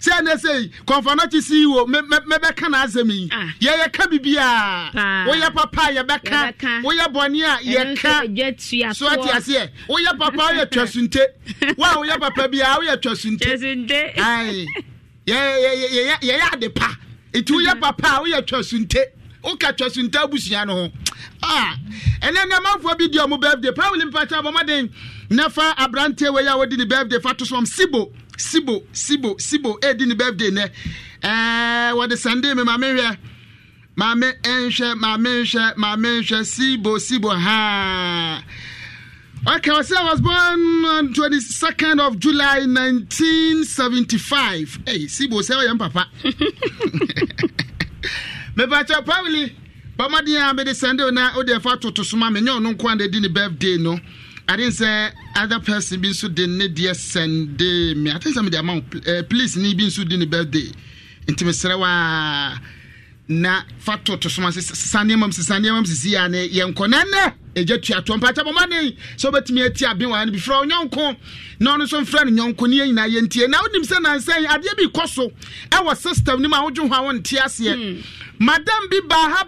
sɛ ɛnɛ sɛ kɔnfɔnɔ ti si wo mɛbɛka n'asɛm yi yɛyɛ ka bibia woyɛ papa yɛbɛka woyɛ bɔnni a yɛka so ati aseɛ woyɛ papa woyɛ twɛsunte wa woyɛ papa bia woyɛ twɛsunte ayi yɛyɛ yɛyɛ ade pa eti woyɛ mm-hmm. papa woyɛ twɛsunte woka twɛsunte abusua no ho a ah. ɛnɛ nɛ manfoɔ bi di ɔmo birthday paul mpakyɛ abɔmɔden nafa aberanteɛ wei a wɔdi ne birthday fa sibo sibo sibo sibo edi eh, ne birthday eh, nɛ ɛɛ wɔde sande mi maame eh, hwɛ maame nhwɛ maame nhwɛ maame nhwɛ sibo sibo haa. Okay, I I was born on 22nd of July 1975. Hey, Sibo, say I am papa. Me bacha probably, but my dear, I'm the Sunday now, oh, they're far to Suma, me, no, no, birthday, no. I didn't say other person being so the need send me. I think some of the amount uh, eh, please need being so the birthday. Into Mr. na fa to some ma sɛ sane mam sɛ sane mam sisi a ne yɛnkɔ na nɛ ɛgya tua toɔ mpakyɛ bɔma ne sɛ wobɛtumi ati abe waa no bi frɛ wo nyɔnko na ɔno nso mfrɛ no nyɔnko ne yɛnyinaa yɛntie na wonim sɛ nansɛn adeɛ bi kɔ so ɛwɔ e, system no mu a wodwo ho a wonte aseɛ hmm. madam bi baa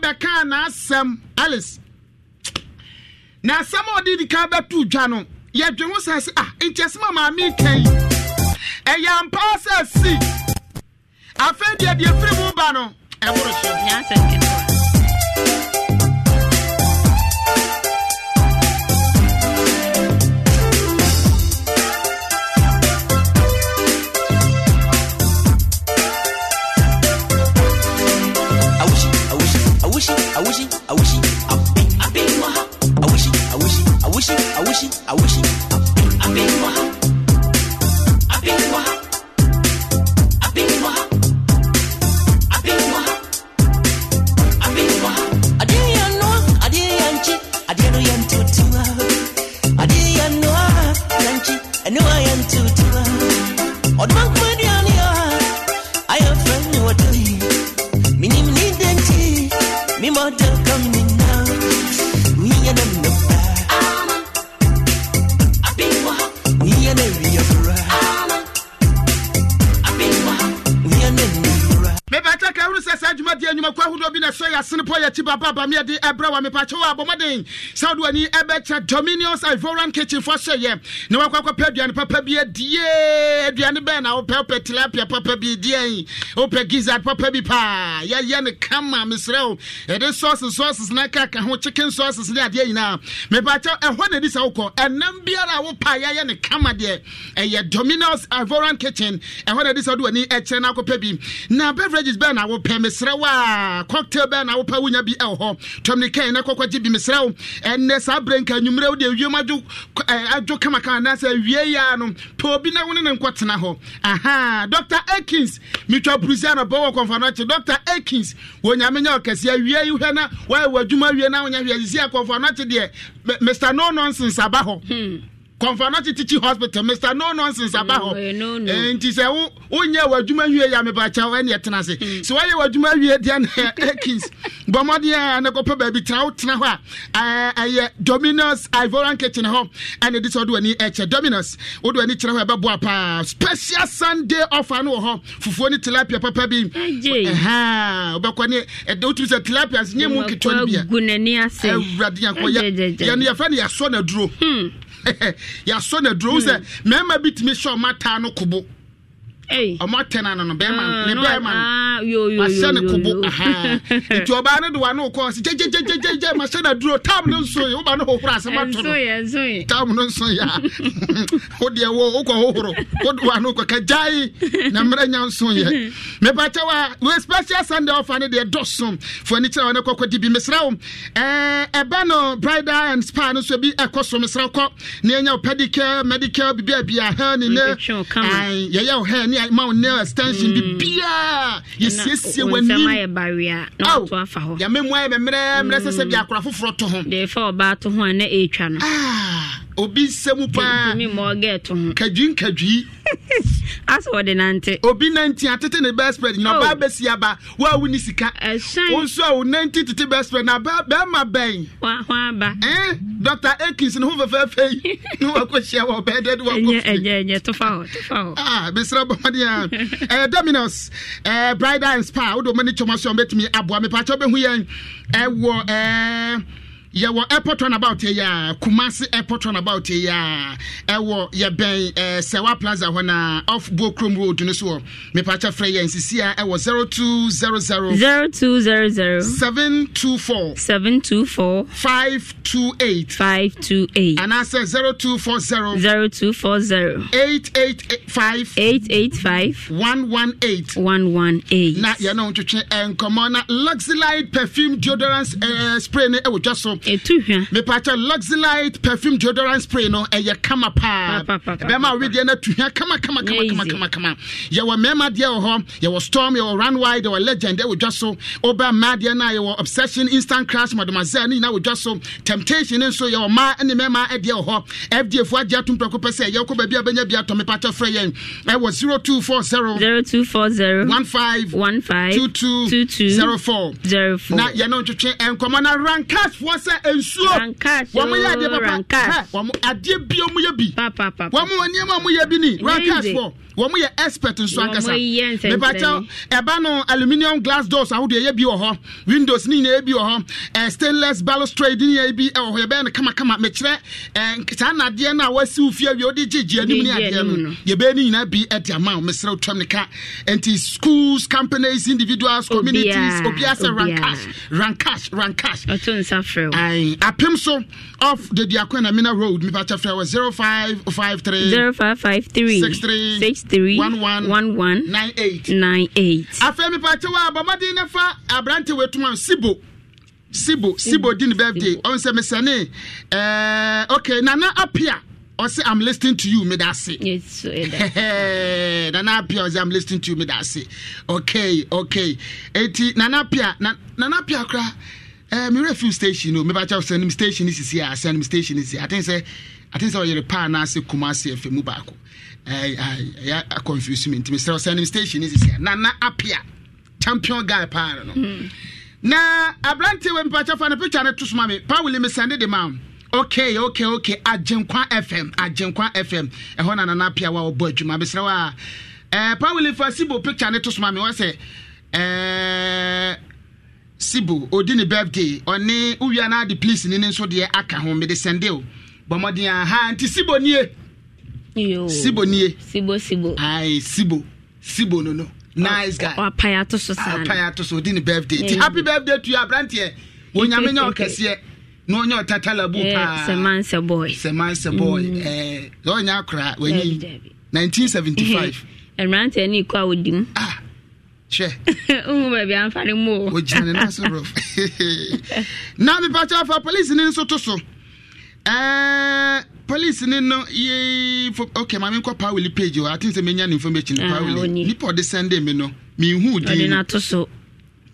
alice na asɛm a ɔde di kan bɛto dwa no yɛdwe ho sɛ sɛ ah nkyɛsɛm a maame ka yi ɛyɛ ampa sɛ si afei deɛ deɛ firi mu ba no ɛboro so I wish, I wish, I wish, I wish it, I wish it, I wish it. I've been more. I've been more. be been I have been i have been i have been i have been i did not know, I didn't cheat, I didn't do. not know, I didn't know asene pɔ yɛkyi bababa meɛde ɛbrɛ wa w'ani ivoran na wakɔakɔpɛ aduane papa bi aduane na wopɛ wopɛ papa bi diɛn wopɛ gizard papa bi paa yɛyɛ ne kama na ho chicken biara ne kama deɛ ɛyɛ dominions ivoran kitchen ɛhɔ na ɛdi sɛ wode w'ani bi na beverages bɛɛ na wopɛ mesrɛ wo cocktail bɛɛ na wopa wonya bi ɛwɔ hɔ tɔm ne kɛn na bi mesrɛ wo ɛnɛ saa berɛ nka anwummerɛ wo deɛ adwo kamakama anaasɛ awie yia no pɛ obi na wo ne ne nkɔtena hɔ aha dr akins metwa purusi anɔpɛ wɔ kɔmfa no akye dr akins wɔnyame nyɛ ɔkɛseɛ awie yi hwɛ na woayɛ w'adwuma awie na wonya hwɛ asisi akɔmfa no akye deɛ mr no nonsense aba hɔ hmm kɔnfana tete kyi hospital mr no nonsense abaho. hɔ nti sɛ wo wonyɛ w'adwuma wie yɛ amebakyɛw ɛne ɛtena So hmm. sɛ woayɛ w'adwuma wie deɛ ne akins bɔ mmɔden a ne kɔpɛ baabi tena wotena hɔ a ɛyɛ dominus ivorian kitchen hɔ ɛne de sɛ wode w'ani ɛkyɛ Domino's. wode w'ani kyerɛ hɔ ɛbɛboa paa special sunday offer no wɔ hɔ fufuo ne tilapia papa bi wobɛkɔ ne ɛdɛ wotumi sɛ tilapia nyɛ mu ketewa no bia awurade nyankɔ yɛno yɛfrɛ no yɛsɔ no aduro hmm. yɛasɔ na duro wo sɛ hmm. mmarima bi tumi hyɛ ɔmataa no kobo ɔmo atɛn ano no bɛrima ne bɛrima mahyɛ ne kobo nti ɔbaa no de wa no kɔ si gyegyegyegyegye mahyɛ na duro tam no nso yi woba no hohoro asɛm ato no tam no nso yi a wo deɛ wo wokɔ hohoro wo de wa no kɔ kagyae na mmerɛ nya nso yɛ mepakyɛ wa wo special sunday offer no deɛ dɔso fo ani kyerɛ wɔne kɔkɔ di bi mesrɛ wo ɛbɛ no bridal and spa no so bi ɛkɔ so mesrɛ kɔ ne ɛnya wo pedicare medical bibia bia ha ne ne yɛyɛ wo ha ne yɛ ma wo ne extension bi mm. biaa yɛsiesie w'anim yame mu ayɛ bɛmmerɛ mmerɛ sɛ sɛ bi mm. akora foforɔ to ho defa ɔbaa to ho a na ɛtwa no ah, obi nsɛm paa kadwi nkadwi asɛ wɔde nante obi nanti atete ne best friend na ɔbaa oh. bɛsi aba woa wo ne sika wo nso a wo nanti tete best friend na bɛrima bɛn eh, ho ah, aba eh dr akins ne ho fɛfɛɛfɛ yi ne wakɔhyia wɔ ɔbɛɛdɛ de wakɔfɛnyɛ tofa hɔ tofa hɔ ah mesrɛ bɔmɔdeɛ ɛyɛ dominos eh, bride and spa wode ɔma ne twɔma so a ɔbɛtumi aboa mepakyɛ wobɛhu yɛn ɛwɔ eh, eh yɛwɔ airport runabout yi a kumasi airport runabout yi a ɛwɔ yɛbɛn ɛɛ sɛwa plaza hɔ na off bo kurom road no so wɔ mipakyɛ fɛ yɛn sisi a ɛwɔ zero two zero zero. zero two zero zero. seven two four. seven two four. five two eight. five two eight. anaasɛ zero two four zero. zero two four zero. eight eight five. eight eight five. one one eight. one one eight. na yɛn no ntwitwi nkɔmɔ na luxelite perfume deodorant ɛɛ spray ne ɛwɔ twa so ɛtu eh, hwa mepakyɛ luxelite perfume deodorant spray no ɛyɛ kama paa ɛbɛma awedeɛ no atu hwa kama kama kama kama kama yɛwɔ mmarima deɛ wɔ hɔ yɛwɔ storm yɛwɔ runwide yɛwɔ legend ɛwɔ dwa so woba mmaa deɛ no a yɛwɔ obsession instant crash mademoiselle ne nyinaa wɔ dwa so temptation ne nso yɛwɔ mmaa ne mmarima ɛdeɛ wɔ hɔ fda fo agye atom prɛko pɛ sɛ yɛwokɔ baabi a bɛnya bi atɔ mepakyɛ frɛ yɛn ɛwɔ 0240 0240 15 15 22 22 04 04 na yɛno ntwetwe nkɔmmɔ no rankas fo sɛ sɛ nsuo wɔn yɛ adeɛ papa wɔn adeɛ bi wɔn yɛ bi wɔn wɔn nneɛma wɔn yɛ bi ni rankas fɔ wɔn yɛ expert nso ankasa mipakyɛ ɛba no aluminium glass doors ahodoɔ yɛ bi wɔ hɔ windows ni yɛ bi wɔ hɔ ɛɛ stainless balustrade ni yɛ bi ɛwɔ hɔ yɛ bɛyɛ no kamakama mɛkyerɛ ɛɛ saa nadeɛ no a wɔasiw fie wie wɔde gye gye anim ne adeɛ no yɛ bɛyɛ ne nyinaa bi ɛde ama wɔn mɛsrɛ twɛm ne ka nti schools companies individuals communities obiara sɛ rankas rankas rankas ɔtɔ nsa fɛw. ayi apem so off dede mina road mipa kyɛ fɛ wɔ zero five five three. zero five five three. six three. six three. one one. one one. nine eight. nine eight. afɛ mipa kyɛ wɔ abɔmɔden ne fa aberante wɔ sibo sibo sibo mm-hmm. di ni birthday ɔn sɛ misɛnni ɛɛ okay nana apia. ɔsɛ i'm listening to you meda ase yes, nana pia ɔsɛ i'm listening to you meda ase okay okay eti nana apia. nana apia koraa Mi eh, mewurɛ fuel station o mebɛkyɛ wo sɛ nim station no sisi a sɛ nim station no si aten sɛ aten sɛ ɔyere paa anaasɛ kuma ase afɛ mu baako ɛyɛ akɔmfirisu mi nti mesrɛ wo sɛ nim station no sisi a nana apia champion guy paa no na aberante wɔ mepɛkyɛ fa no picture no to soma me paa wole mesɛnde de ma okay okay okay agyenkwa fm agyenkwa fm ɛhɔ eh, na nana apia wa ɔbɔ adwuma mesrɛ wo eh, paa wole fa sibo picture no to soma me wɔ sɛ eh, sibu odi ne birthday ɔne owia no ade please ne ne nso deɛ aka ho mede sɛnde o ha nti sibo nie sibo nie sibo sibo ai sibo sibo no no nice guy ɔpae ato so saa ɔpae ato so odi ne birthday nti happy birthday to you aberanteɛ wɔnyame nyɛ ɔkɛseɛ na ɔnyɛ ɔtatala bu paa sɛmansɛ boy sɛmansɛ boy ɛɛ ɔnyɛ akora wɔnyi 1975 mmeranteɛ ne ikɔ a wɔdi mu ah hwɛ wohu baabi amfa ne mu o ɔgyina ne naso rɔf na mepakyɛ fa polisi ne nso to so eh, polisi ne no ye ok maame nkɔ pawili page o atem sɛ menya ne information ah, pawili nipa ɔde sɛnde me no menhu din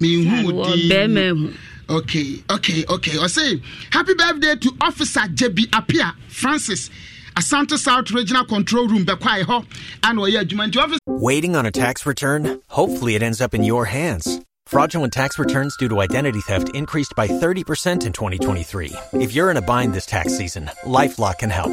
menhu Okay, okay, ok ok ɔse happy birthday to officer JB apia francis Asante South Regional Control Room, Bekwai Ho, and Oya Jumanji Office. Waiting on a tax return? Hopefully, it ends up in your hands. Fraudulent tax returns due to identity theft increased by 30% in 2023. If you're in a bind this tax season, LifeLock can help.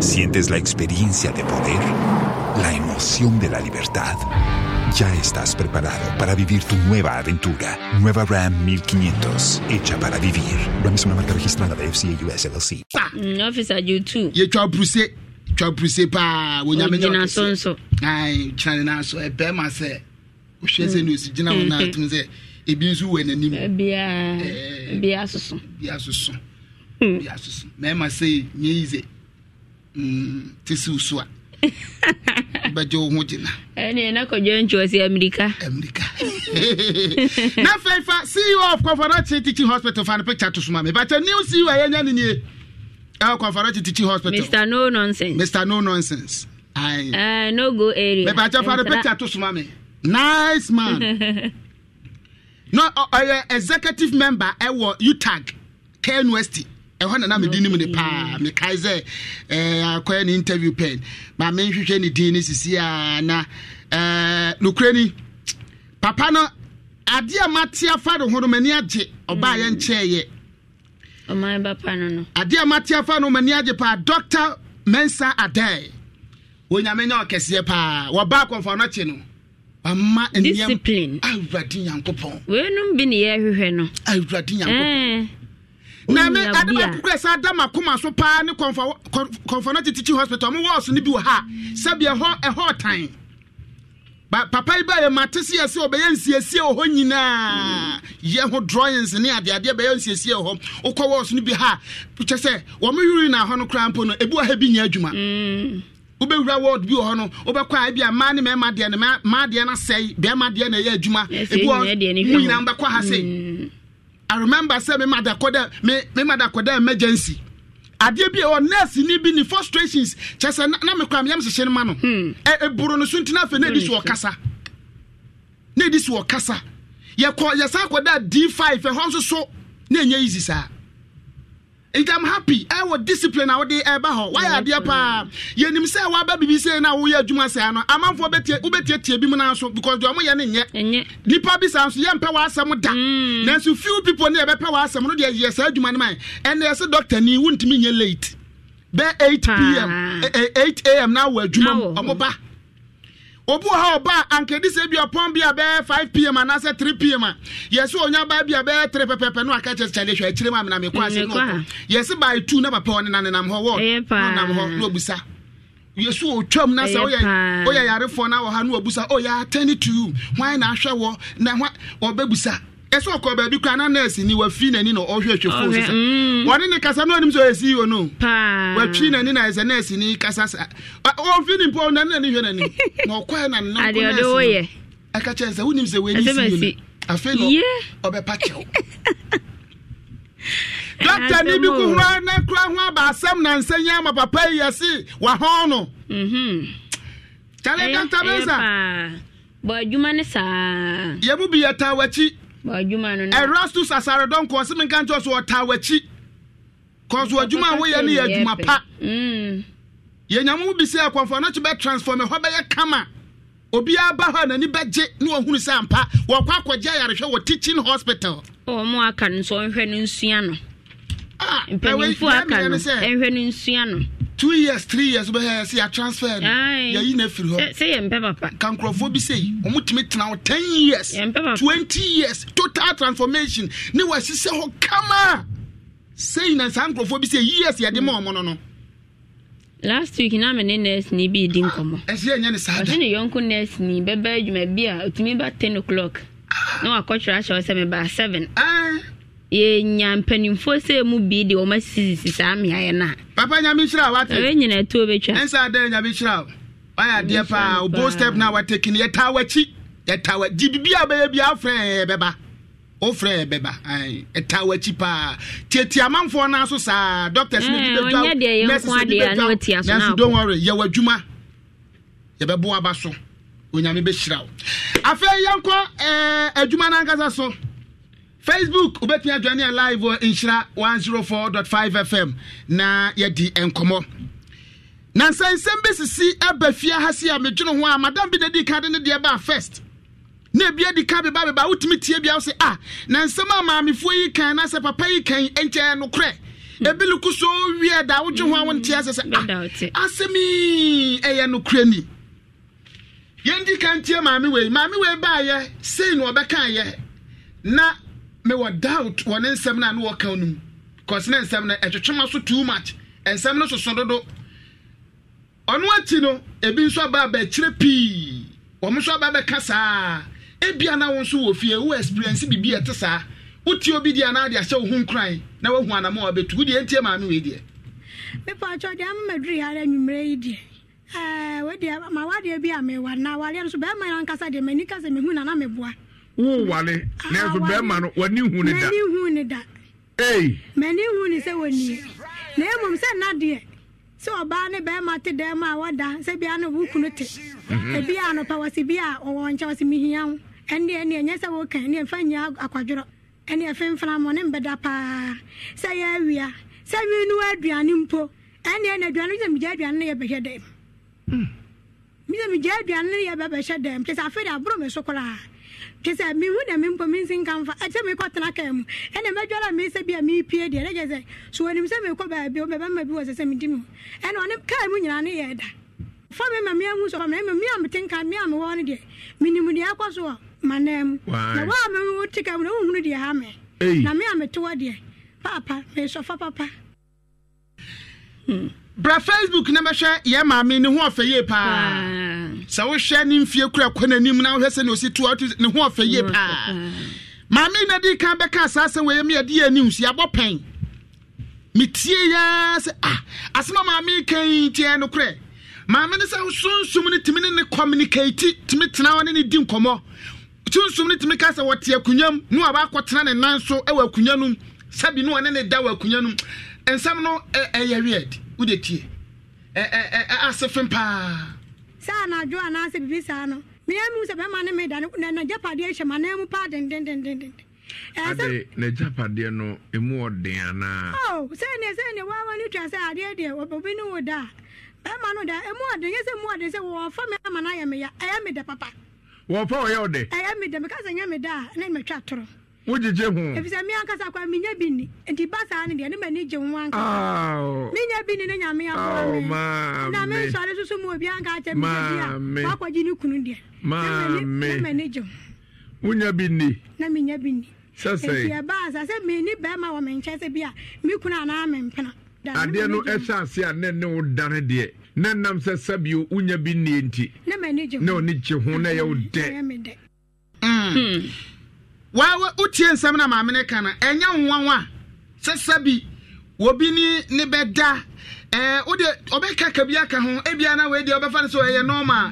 Sientes la experiencia de poder, la emoción de la libertad. Ya estás preparado para vivir tu nueva aventura. Nueva Ram 1500, hecha para vivir. Ram es una marca registrada de FCA US LLC. Pa. No, oficial pues, YouTube. Y hecho a puse, hecho a puse pa. Onyamenya sonso. Ay, chane na so e eh, pe ma se. O hwe se news gina wo na atum se. Ebi we nanim. Bia. Bia soso. Bia soso. Bia mm. soso. Me se nyi ze. te siw so a bɛgye wo ho gyina ɛneɛna kɔgya nkyuɔ sɛ amerika amerika na afei fa ceo of confarache teaching hospital fa no picture to soma me bakyɛ new ceo a yɛnya ne nie ɛwɔ confarache teaching hospital mr no nonsense mr no nonsense Aye. Uh, no go area me bakyɛ fa no to soma me nice man no ɔyɛ uh, uh, executive member ɛwɔ utag knust ɛhɔ na na mede nim ne paa mekae sɛ eh, akɔyɛ ne interview pɛn ma menhwehwɛ ne din no sisi a na eh, nokorɛ ni papa no adeɛ a mate afa ne ho no m'ani agye ɔbaa yɛ mm. nkyɛɛyɛ adeɛ a mate afa no m'ani agye paa dr mensa adae onyame nyɛ ɔkɛseɛ paa wɔbaa kɔmfa no akye no ama nneɛm awurade nyankopɔn weinom bi ne yɛhwehwɛ no awurade nyankopɔn eh na me ade ba kukura sa da ma koma so paa ne kɔnfa kɔnfa no teaching hospital ɔmo wɔɔso no bi wɔ ha sɛbi ɛhɔ ɛhɔ tan ba papa yi ba yɛ ma te seɛ sɛ ɔbɛyɛ nsiesie wɔ hɔ nyinaa yɛ ho drawings ne adeadeɛ bɛyɛ nsiesie o hɔ wokɔ wɔɔso no bi ha kyɛ sɛ wɔn mo yuri na hɔ no koraa mpo no ebi wɔ ha bi nyɛ adwuma. Mm. wobɛwura ward bi wɔ hɔ no wobɛkɔ a bia mmaa ne mmarima deɛ ne mmaa deɛ no asɛe bɛrima deɛ na ɛyɛ adwuma ebi wɔ ho nyinaa mbɛkɔ ha sei mm i remember sɛ me mada kɔ dɛ me me mada kɔ dɛ emergency adeɛ bi ɛwɔ nurse ni bi ni frustrations kyɛ sɛ na me kura me yam hyehyɛ no ma no hmm. ɛ eburo no so ntina afei Ne edi so ɔkasa na edi so ɔkasa yɛkɔ yɛsan kɔ dɛ d five ɛhɔ nso so na enye easy saa nti am happy ɛwɔ eh, discipline a wɔde ɛba eh, hɔ wayɛ adeɛ paa yɛnim sɛ waba bibi sɛ na woyɛ adwuma saa no amanfoɔ wobɛtiatia bi mu no so because deɛ ɔmoyɛ no nyɛ nnipa bi saa nso yɛmpɛ w'asɛm da mm. nanso few people ne yɛbɛpɛ w'asɛm no deɛ yɛ saa adwuma no ma ɛnɛ yɛ sɛ doctor ni wontumi nyɛ late bɛ 8 pm 8 am na wɔ adwuma mu ɔmo ba obu ha ɔba ankedi sɛ bi ɔpɔn bi a five pm anaasɛ three pm a yɛsɛ onya ba bi a bɛyɛ three pɛpɛpɛ no aka kyerɛ kyerɛ hwɛ akyire mu amena mekɔ ase no ɔkɔ yɛsɛ by two na papa ɔne na nenam hɔ wɔ ɔnam hɔ na ɔbusa yesu otwam na sɛ woyɛ woyɛ yarefoɔ na wɔ ha na ɔbusa oh yɛ atɛni to you hwan na ahwɛ wɔ na hwan ɔbɛbusa ɛsɛ ɔkɔ baabi kora na nurse ni wafi n'ani na ɔhwɛ fo sisa wɔne ne kasa no anim sɛ ɔyɛ ceo no watwi n'ani na ɛsɛ nurse ni kasa sa ɔfi ne mpo nane n'ani hwɛ n'ani na ɔkɔɛ na ne nkɔ nurse no ɛka kyɛn sɛ wonim sɛ wɔani ceo no afei no ɔbɛpa kyɛw dɔkta ni bi kuhura na kura ho aba asɛm na nsɛnyɛ ama papa yi yɛse wahɔn no kyale dɔkta bɛnsa bɔ adwuma ne saa yɛmu bi yɛtaa w'akyi ɛrasto sasaredɔn kɔ ɔseme nka nkyɛ so ɔtaa w'akyi kɔso adwuma a woyɛ no yɛ adwuma pa yɛnyame mm. wo bisɛ akɔmfɔ no kye bɛtransform ɛhɔ bɛyɛ kama obiara ba hɔ a n'ani bɛgye ne wahunu sɛ ampa wɔkɔ akɔgye ayarehwɛ wɔ teaching hospital ɔmo aka no nso ɔnhwɛ no nsua no ah, mpanimfoɔ aka no ɛnhwɛ no nsua no two years three years wobɛhɛ sɛ yɛ transfer no yɛyi no afiri hɔ ka nkurɔfoɔ bi sɛi ɔmotumi tena hɔ ten years Twenty years total transformation ne wɔasisɛ hɔ kama sei na saa nkurɔfoɔ bi sɛ years yɛde ma ɔmo no no last week na mene nurse ni bi di nkɔmmɔ ɛsɛ ɛnyɛ ne saa ɔne ne yɔnko nurse ni bɛbɛ adwuma bi a ɔtumi ba ten o'clock na wakɔtwerɛ ahyɛ wo sɛ mebaa seven. ah yɛnya mpanimfoɔ sɛ mu bi de wɔn asisi saa mmeaeɛ no a papa nyame hyira wo wate ɛwɛ nyina ɛtuo bɛtwa ɛnsa dɛ nyame hyira wo wayɛ adeɛ paa obo step no a wateki no yɛtaa w'akyi yɛtaa wa gye biribi a bɛyɛ bi afrɛ bɛba wofrɛ bɛba ɛtaa w'akyi paa tiatia amanfoɔ no nso saa doctors ne bi mm, bɛdwa nanso don't worry yɛwɔ adwuma yɛbɛboa ba so onyame bɛhyira wo afei yɛnkɔ eh, adwuma no ankasa so facebook wobɛtumi adwane yɛ live wɔ nhyira 104.5 fm na yɛdi nkɔmmɔ na nsɛnsɛm bi sisi aba fie ha se a medwene ho a madam bi na di ka de ne deɛ baa first na ebi adi ka beba beba wotumi tie bia sɛ ah na nsɛm a maamefoɔ yi kan na sɛ papa yi kan nkyɛn no korɛ hmm. ebi luku so wie da wodwe ho a hmm. wonte asɛ sɛ ah asɛm yi ɛyɛ no korɛ ni yɛn di ka ntie maame wei maame wei baayɛ sei na ɔbɛka yɛ na mewɔ doubt wɔ ne nsɛm no a ne wɔka no mu cause ne nsɛm no ɛtwetwema so too much nsɛm no soso dodo ɔno akyi no ebi nso aba abɛkyerɛ pii wɔn nso aba abɛka saa ebia na wɔn nso wɔ fie wo experience bibi ɛte saa wotie obi deɛ anaa de ahyɛ wo ho nkuran na wahu anamɔ abɛtu wo deɛ ntie maame wei deɛ. mepa atwa deɛ ama maduri ara nwummerɛ yi deɛ ɛɛ wɔdeɛ ma wadeɛ bi a mewɔ na wadeɛ no so bɛrima yɛn ankasa deɛ m'ani kasa mehu na na meboa wowale nanso ah, bɛrima no w'ani hu ne da hu ne da ei m'ani hu ne sɛ w'ani na mmom sɛ nadeɛ sɛ ɔbaa ne bɛrima te dɛm a wɔda sɛ bia ne wo kunu te ebi mhm. a anɔpa wɔsi bi a ɔwɔ nkyɛ wɔsi mihia ho ɛne ɛne ɛnyɛ sɛ wɔka ɛne ɛfa nyia akwadworɔ ɛne ɛfemfena mɔ ne mbɛda paa sɛ yɛ awia sɛ winu aduane mpo ɛne ɛne aduane sɛ megya aduane ne yɛbɛhwɛ dɛm mesɛ hmm. megya aduane ne yɛbɛbɛhyɛ dɛm kyɛ sɛ afei de aboro me so koraa kyesɛ mehu na me mpo mensi nkamfa ɛkyɛ mekɔtena kaa mu ɛna mɛdwala mi sɛ bia a pie deɛ ne kyɛ sɛ so wɔnim sɛ mekɔ baabi wobɛbɛma bi wɔ sɛ sɛ medi mu ɛna ɔne kaa mu nyinaa ne yɛ da fa me ma meahu sɛ ɔmɛ ma mi mi metenka mea mewɔ no deɛ nimu deɛ ɛkɔ so wɔ manaa mu na wɔ a mewo ti ka mu na wohunu deɛ ha mɛ na mea metewɔ deɛ paapa mesɔfa papa hmm. bra facebook na bɛhwɛ yɛ maame ne ho ɔfɛ yie paa ah. sɛ wohwɛ ne mfie kora kɔ n'anim na wohwɛ sɛ ne ɔsi toa ne ho ɔfɛ yie paa ah. maame na di kan bɛka saa sɛ wɔyɛ mi yɛde yɛ anim si abɔ pɛn metie yɛ sɛ ah asɛm a maame kan tiɛ no korɛ maame ne sɛ sunsun ne tumi ne ne communicate tumi tena hɔ ne ne di nkɔmɔ sunsun ne tumi ka sɛ wɔte akonnwa mu ne wabɔ akɔtena ne nan so wɔ akonnwa no mu sɛbi ne wɔne ne da wɔ akonnwa no mu nsɛm no ɛyɛ weird wode tie ase fem paa saa anadwo anaasɛ biribi saa no meamu sɛ bɛma ne meda nagyapadeɛ hyɛ ma nan mu paa dendendenden ade nagyapadeɛ no ɛmu ɔden anaa sɛneɛ oh, sɛneɛ waawa no twa sɛ adeɛ deɛ obi ne wo da a bɛma no da ɛmu ɔden yɛ sɛ mu ɔden sɛ wɔfa me ama no ayɛ meya ɛyɛ meda papa wɔfa ɔyɛ ɔde ɛyɛ meda meka sɛ nyɛ meda a na matwa torɔ wogyegye ho ɛfisɛ me ankasa kwa menya bi ni nti ba saa no deɛ ne m'ani gye ho ankasa menya bi ni ne nyame aboa me na mensɔre so so mu obi anka akyɛ menya bi a wakɔgye ne kunu deɛ ne m'ani gye ho wonya bi ni na menya bi ni sɛsɛi nti ɛbaa sa sɛ menni bɛrima wɔ me nkyɛ sɛ bi a me kunu anaa mempena adeɛ no ɛhyɛ ase a ne ne wo dane deɛ na nam sɛ sɛbio wonya bi nie nti ne ɔne gye ho na ɛyɛ wo dɛ wawe wotie nsɛm na maame ne ka no ɛnyɛ nwanwa sɛsɛ bi wobi ne ne bɛda ɛɛ eh, wode ɔbɛka ka bi aka ho ebia na wei ɔbɛfa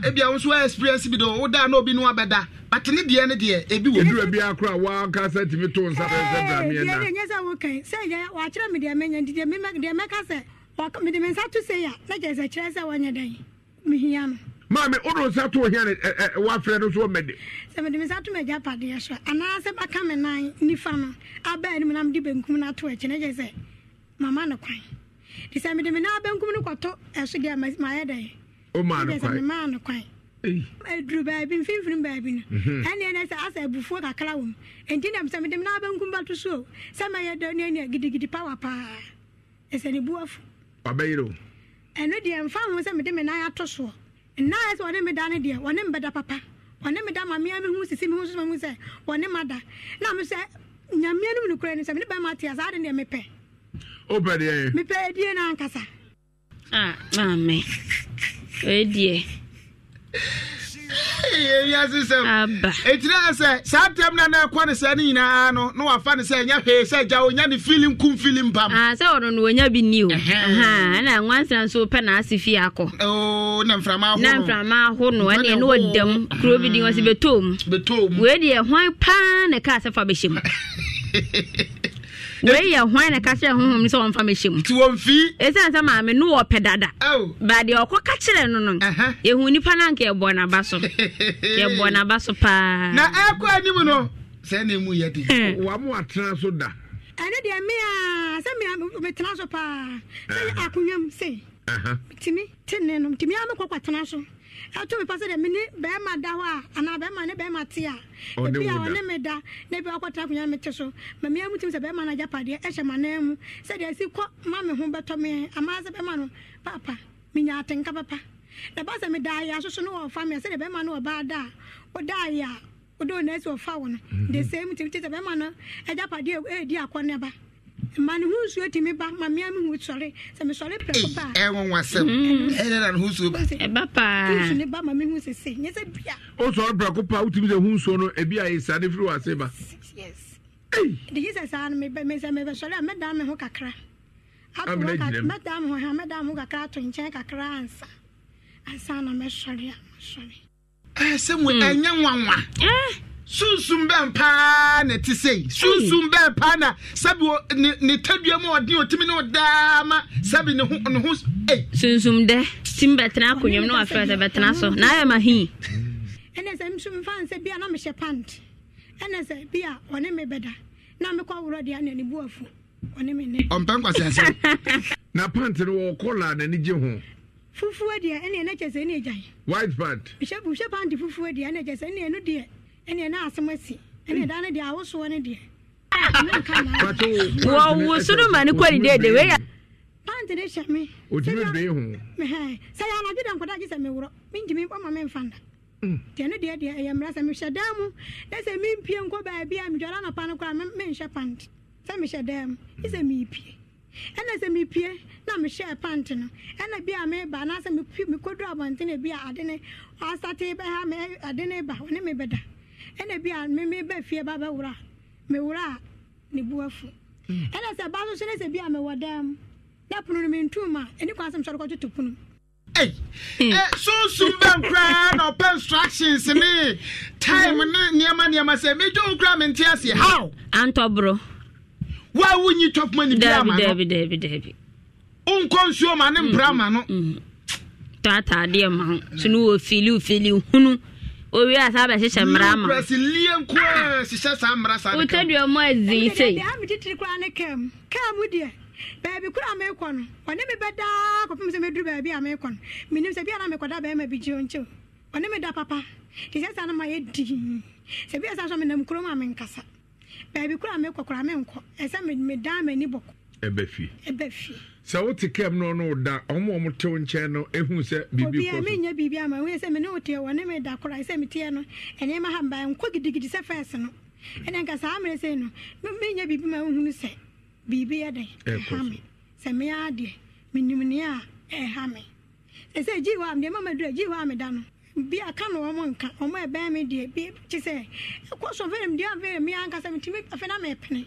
ebia nso wɔ experience bi do woda na obi no abɛda bate ne deɛ ne deɛ ebi wɔ. edura bi akora tìmi nsa miɛ na. ɛɛ sɛ wo kan sɛ yɛ wakyerɛ mi deɛ mɛnyɛ deɛ mɛka na kyerɛ sɛ kyerɛ sɛ dan no. maame o n'o sa to o hiɛn ɛ ɛ w'afrɛ no so o mɛ de. sɛmɛdimisa tun bɛ ja padeɛ sɔ anaasɛ baka mi nan nifa no abɛɛ anim na de benkum na to ɛkyɛn ɛkyɛ sɛ mama ne kwan de sɛmɛdimi na benkum no kɔtɔ ɛso deɛ ma ma yɛ dɛ. o maa ne kwan maa ne kwan. eduru baabi mfinfin baabi no ɛnna mhm. ɛnna sɛ asɛ ebufuo kakra wɔm nti na sɛmɛdimi na benkum ba to so o sɛmɛ yɛ dɛ ne ne gidigidi pawa paa ɛsɛ nfa ho sɛ mede me nan ato soɔ. nna ayɛ sɛ wɔne meda no deɛ wɔne mbɛda papa wɔne meda mamea mehu sisi mehu sosoma mu sɛ wɔne mada na me sɛ nyamea no mu nokorɛ sɛ mene bɛma tea saa de deɛ mepɛ wopɛ deɛ mepɛ ɛdie no ankasa ah, maame eh, ɛdiɛ wiase sɛm ɛtina sɛ saa tɛm no na ɛkɔ ne sɛ ne nyinaa no na wafa ne sɛ ɛnyɛ hwee sɛ gya ɔnya ne filim kum filim pam ah, sɛ ɔno no ɔnya bi ni o ɛna nwansena nso pɛ naase fie akɔ oh, na mframa aho no ɛneɛ ne ɔdam kuro bi din ɔ sɛ bɛtɔɔ mu hwan paa ne kaa sɛ fa bɛhyɛ mu na yɛ hwan na kakyɛ honhom sɛ wɔmfa mɛhyɛ mu nti wɔmfi ɛsiane sɛ maame no wɔpɛ dada baadeɛ ɔkɔ ka kyerɛ no no yɛhu nnipa no anka yɛbɔ n'aba so yɛbɔ n'aba so paa na ɛkɔ anim no sɛ na mu yɛ de wamo atena so da ɛne deɛ me a sɛ metena so paa sɛ akonnwam sɛ tumi tene no tumi a mekɔkɔtena so ɛto mipa sɛ deɛ mene bɛrima da hɔ a anaa bɛrima ne bɛrima te a ebi a ɔne me da na ebi ɔkɔta akonnwa mete so ma mea mu tim sɛ bɛrima no agyapadeɛ ɛhyɛ m'anan mu sɛdeɛ asi kɔ ma me ho bɛtɔ me amaa sɛ bɛrima no paapa menya atenka papa na ba sɛ meda ayɛ asoso no wɔfa me a sɛdeɛ bɛrima no wɔbaa da a woda ayɛ a wodɛ ɔnaasi wɔfa wo no de sɛ mu tim te sɛ bɛrima no agyapadeɛ ɛɛdi ma ne ho nsuo tumi ba ma mmea me ho sɔre sɛ mesɔre prɛko ba ɛwo wasɛm ɛnɛ pa wotumi sɛ ho nsuo no ebi a ɛsiane firi wase ba sɛ mu mm. ɛnyɛ nwanwa eh? sunsun bɛn paa na ti se hmm. sunsun bɛn paa na sabi wo ne ne tadua mu ɔdin otimi ne daama sabi ne ho ne ho ee. sunsun dɛ sim bɛtena akonnwa mu na wafɛ sɛ bɛtena so na ayɛ ma hin. ɛnna sɛ nsu nfa nsɛ bia na mehyɛ pant ɛnna sɛ bia ɔne me bɛda na mekɔ awurɔ deɛ na ne bu afu ɔne me ne. ɔmpɛ nkwasi ase. na pant no wɔ kɔla na ani gye ho. fufuo deɛ ɛnna ɛnna kyɛ sɛ ɛnna ɛgya ye. white pant. mehyɛ mehyɛ pant fufuo deɛ ɛnna ɛkyɛ ɛne ɛna asɛm asi ɛne ɛda no deɛ awosoɔ no deɛ wɔwo so no ma no kɔni dɛ de weyɛ pant de hyɛ me sɛ yɛ anadwo da nkɔda gye sɛ meworɔ mentumi ɔma memfa nda mm. deɛ no deɛ deɛ ɛyɛ mmara sɛ mehyɛ daa mu na sɛ mempie nkɔ baabi a medwara anɔpa no koraa menhyɛ pant sɛ mehyɛ daa mu gye sɛ meepie mm. ɛna sɛ mepie na mehyɛɛ pant no ɛna bi a meba anaasɛ mekɔduru abɔntene bi a ade ne asate bɛha ade ne ba ɔne mebɛda ɛna bi a mimi bɛ fie ba bɛ wura mɛ wura a bu afu mm. ɛna sɛ ba soso ne sɛ bi a mɛ wɔ dɛm na pono no mi ntu ma ɛni kwan sɛ nsɔre kɔtutu pono. Hmm. sunsun bɛ nkura na ɔpɛ instructions ne time ne nneɛma nneɛma sɛ mejo nkura mi nti ase how. antɔboro. wa wunyi top money bi ama no dabi dabi dabi. nkɔ nsuo ma ne mpira ma no. Mm, mm. tɔ ataadeɛ ma sunu wɔ filiw filiw hunu. owie a saa bɛhyehyɛ mmara ma wotadua mu azii sei koraa ne kam kaa mu deɛ baabi kora mekɔ no ɔne me bɛdaa kɔpem sɛ baabi a mekɔ no menim sɛ a na mekɔda bɛɛma bi gyeo nkyɛw ɔne me da papa nti sɛ saa no mayɛ dii sɛ bia saa so menam kurom a menkasa baabi kora mekɔ koraa menkɔ ɛsɛ medaa m'ani bɔkɔ ɛbɛ fie ɛbɛ fie sɛ wote kam no no da ɔmo ɔmo tew nkyɛn no ehu sɛ biribi kɔ so obiara menya biribi ama wɔn sɛ mene woteɛ wɔ ne me da koraa sɛ meteɛ no ɛnneɛma ha mbaa nkɔ gidigidi sɛ fɛs no ɛnna nka saa mmerɛ sɛ no menya biribi ma wohunu sɛ biribi yɛ dɛn ɛha me sɛ mmea adeɛ menim nea a ɛha me sɛ sɛ gyi hɔ a mama dura gyi hɔ a no bi aka na wɔn nka wɔn ɛbɛn mi deɛ bi kye sɛ ɛkɔ so fɛrɛ mu deɛ afɛrɛ mu yɛ ankasa mi ti mi afɛ na mɛ pene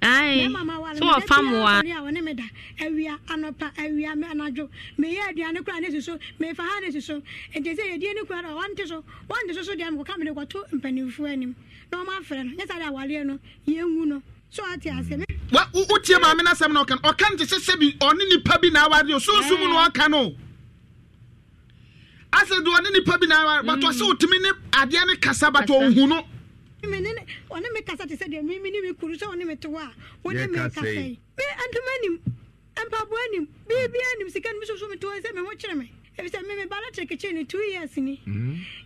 sɛ wɔfa mmoa wɔne meda awia anɔpa awia me anadwo meyɛ aduane kora ne si so mefa ha ne si so ɛnti sɛ yɛdie ne kora dɛ wɔnte so wɔnte so so deɛ mekɔka mede kɔto mpanimfoɔ anim na ɔmaafrɛ no nyɛ sa de awareɛ no yɛnwu no so ate asɛm wotie maame no asɛm no ɔka no ɔka nte sɛ sɛ bi ɔne nipa bi na awareɛ ɔsonsu mu ɔka no asɛ de ɔne nipa bi na awareɛ but ɔsɛ mm. wotumi ne adeɛ ne kasa but ɔnhu no menene ɔne me kasa te sɛ deɛ mimi ne me kuru sɛ ɔne me te a wone me kasa yi me antoma anim mpaboa anim biribia anim sika no mesoso mete hɔ sɛ me ho kyere me ɛfisɛ me meba lakyere ne two years ni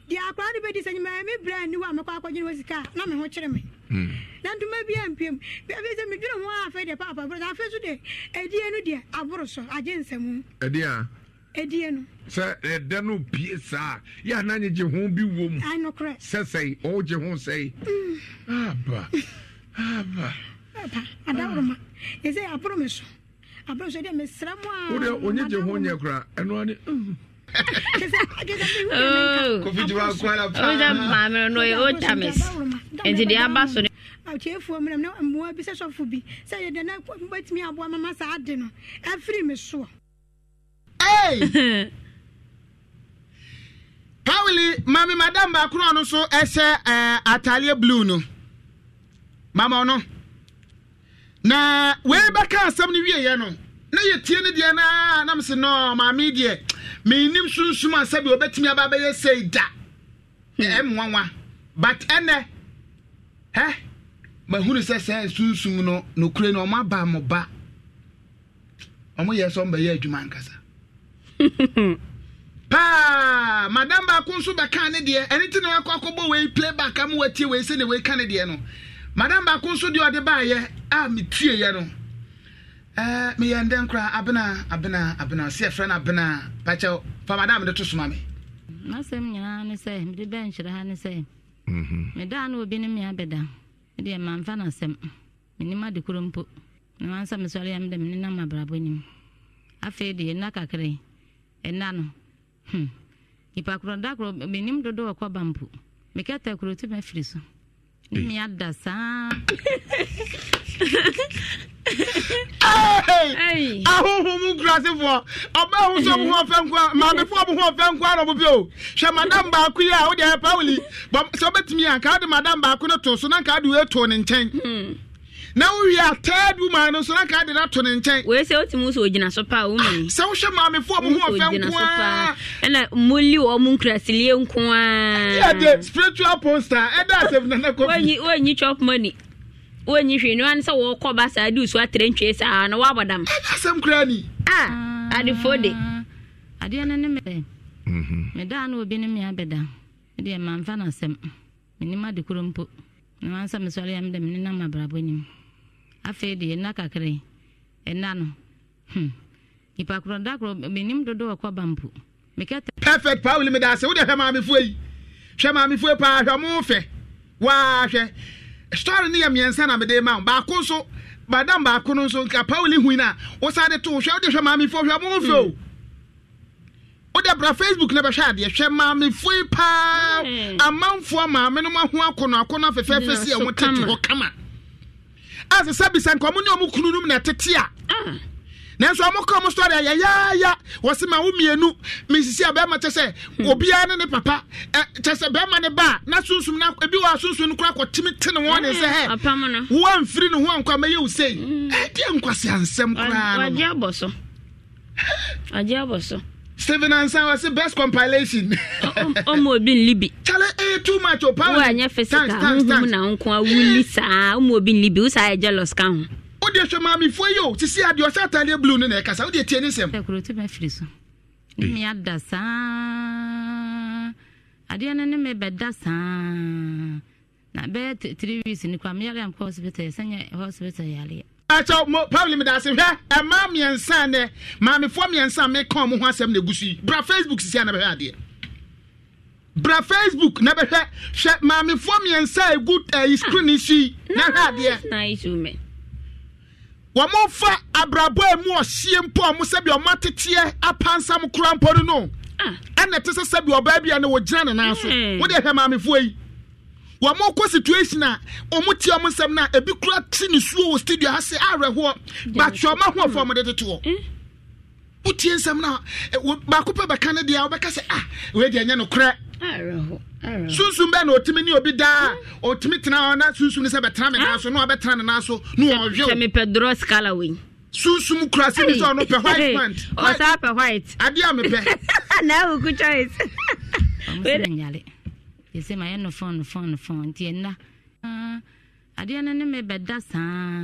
deɛ akwaraa no bɛdi sɛ nyima me bra ani hɔ a mekɔ akɔgye ne sika a na me ho kyere me na ntoma bia mpiem ɛfisɛ medwene ho a afei deɛ paapa borɔ afei so deɛ ɛdiɛ no deɛ aboro so agye nsɛmu ɛdeɛ a ɛdiɛ no. sɛ ɛdɛ no pie saa yɛ ananye gye ho bi wɔ mu. ayi nɔkorɛ. sɛsɛyi ɔwɔ gye ho sɛyi. Mm. aba aba. aba adawuruma ɛsɛ aburo mi so aburo so deɛ mi sira mu aa. o de onye gye ho nyɛ kura ɛnu ani. kofijiwa kwara paa. o da no ye o da mi nti de aba so. atiefoɔ mu na mmoa bi sɛ sɔfo bi sɛ yɛde na bɛtumi aboa mama saa ade no ɛfiri mi soɔ. kawili maame madam baako no ɔno nso ɛhyɛ eh, ɛɛ ataadeɛ blue no mama ɔno na wei bɛka asɛm no wieɛ no na yɛtie no deɛ na nam si no maame deɛ menim sunsum a sɛbi wɔbɛtumi aba bɛyɛ sei da ɛmwanwa but ɛnɛ hɛ mahunu sɛ sɛ sunsum no nokure no ɔmo aba mo ba ɔmo yɛ sɛ ɔmo bɛyɛ adwuma nkasa paa madam baako nso bɛka ne deɛ ɛne te na wakɔ akɔbɔ wei play back ama watie wei sɛ ne wei ka ne deɛ no madam baako nso deɛ ɔde baayɛ a metieɛ no ɛɛ meyɛ ndɛn koraa abena abena abena ɔsi ɛfrɛ no abena pakyɛw fa madam de to soma me masɛm nyinaa ne sɛ mede bɛ nkyerɛ ha ne sɛ mhm. medaa na obi ne mmea bɛda medeɛ mamfa no asɛm menim ade koro mpo na wansɛ mesɔre a mede mene nam abrabɔ nim afei deɛ nna kakrai ɛna no hmm nipa koro da koro menim dodo wɔ kɔba mpo mekɛta koro tu ma firi so ne mi ada saa. ahohom nkurasefoɔ ɔbɛho sɛ ɔmoho ɔfɛ nkoa maamefoɔ ɔmoho ɔfɛ nkoa na ɔbɛbi o hwɛ madam baako yi a wode ɛpawoli sɛ wobɛtumi a nka wode madam baako no to so na nka wode wei to ne nkyɛn hmm na wowie a third woman no so na ka de no ato ne nkyɛn wei sɛ wotim so ogyina so paa wo mani sɛ wohwɛ maamefoɔ mo ho ɔfɛ nko a ɛna moli wɔ mo nkurasilie nko a yɛde spiritual poster ɛda asɛm nana kɔ wonyi chop money wonyi hwee no ane sɛ wɔkɔ ba saa de usu atrɛ ntwee saa na woabɔ dam ɛda asɛm koraa ni a adefoɔ de ah, adeɛ no ne me mhm. medaa na obi ne me abɛda medeɛ mamfa no asɛm menim ade koro mpo na wansɛ mesɔre a medɛ mene nam abrabɔ nim afei deɛ nna kakra ɛna no hmm, nipa korɔ da korɔ menim dodo ɔkɔ ba mpo perfect Paul. wuli mi da ase wo de hwɛ maamefoɔ yi hwɛ maamefoɔ yi paa hwɛ ɔmo fɛ waa hwɛ story no yɛ mmiɛnsa na mede ma wo baako nso madam baako no nso nka pauli hui no a wosade to hwɛ wode hwɛ maamefoɔ hwɛ ɔmo fɛ o hmm. wode bra facebook na bɛhwɛ adeɛ hwɛ maamefoɔ yi paa amanfoɔ maame no mu aho akono akono afɛfɛɛfɛ si ɛho tete hɔ kama. ase sɛ bisa nka ɔmo ne ɔmo kunu nom na ɛtete mm. hmm. uh, a nanso ɔmo ya ɔmo sɔre ayɛ yaaya ma wo a bɛrima kyɛ sɛ obiara ne ne papa ɛ kyɛ sɛ bɛrima ne ba na sunsun na ebi wɔ asunsun no kora kɔ timi ti ne wɔn ne sɛ hɛ wɔn nkwasi ansɛm koraa no so. Steven Ansan was the best compilation. Ọmọ obi nli libi. Kyale eh too much o power. Wọ́n ànyẹ physical huhum na nko awuli saa ọmọ obi nli libi. o saa yẹ jealous ka ho. O de hwẹ maami fo yi o ti si adi ọsẹ atade blue ni na ẹkasa o de tie ne nsẹm. Ẹkuro tó bẹ firi so, mi ada saa, adeɛ no ne mi bɛ saa, na bɛyɛ three weeks ni kura mi yàrá mi kɔ hospital yɛ hospital yàrá ɛkyɛw mo problem da ase hwɛ ɛmaa mmiɛnsa nɛ maamefoɔ mmiɛnsa mi kàn mo ho asɛm na egu bra facebook sisi a na bɛhwɛ adeɛ bra facebook na bɛhwɛ hwɛ maamefoɔ mmiɛnsa a egu ɛyi eh, screen yi na hwɛ ah, adeɛ wɔn fa abrabɔ emu ɔhyia mpo a wɔn sɛbi wɔn ateteɛ apansam kura mpo no no ah. ɛna ɛte sɛ sɛbi ɔbaa bi a na wɔgyina ne nan so mm. wɔde ɛhwɛ maamefoɔ yi wɔn kɔ situation a wɔn ti wɔn nsɛm na ebi kura ti ne suo wɔ studio ha se awerɛhoɔ batwa wɔn ahoɔ fɔ wɔn de tete wɔ wotie nsɛm na baako pɛ bɛka ne deɛ wobɛka sɛ ah wei deɛ nyɛ nokorɛ sunsun bɛɛ na otimi ni obi daa hmm. otimi tena hɔ na sunsun ni sɛ bɛtena ne nan ah. so na ɔbɛtena ne nan so na ɔhwɛ o. sɛ mepɛ sikala wei. sunsun kura si mi sɛ ɔno pɛ white pant. ɔsan pɛ white. adeɛ a mepɛ. na ewu ku choice. yɛsɛ ma yɛ no fɔn no fɔn no fɔn nti ɛnna adeɛ no ne me bɛda saa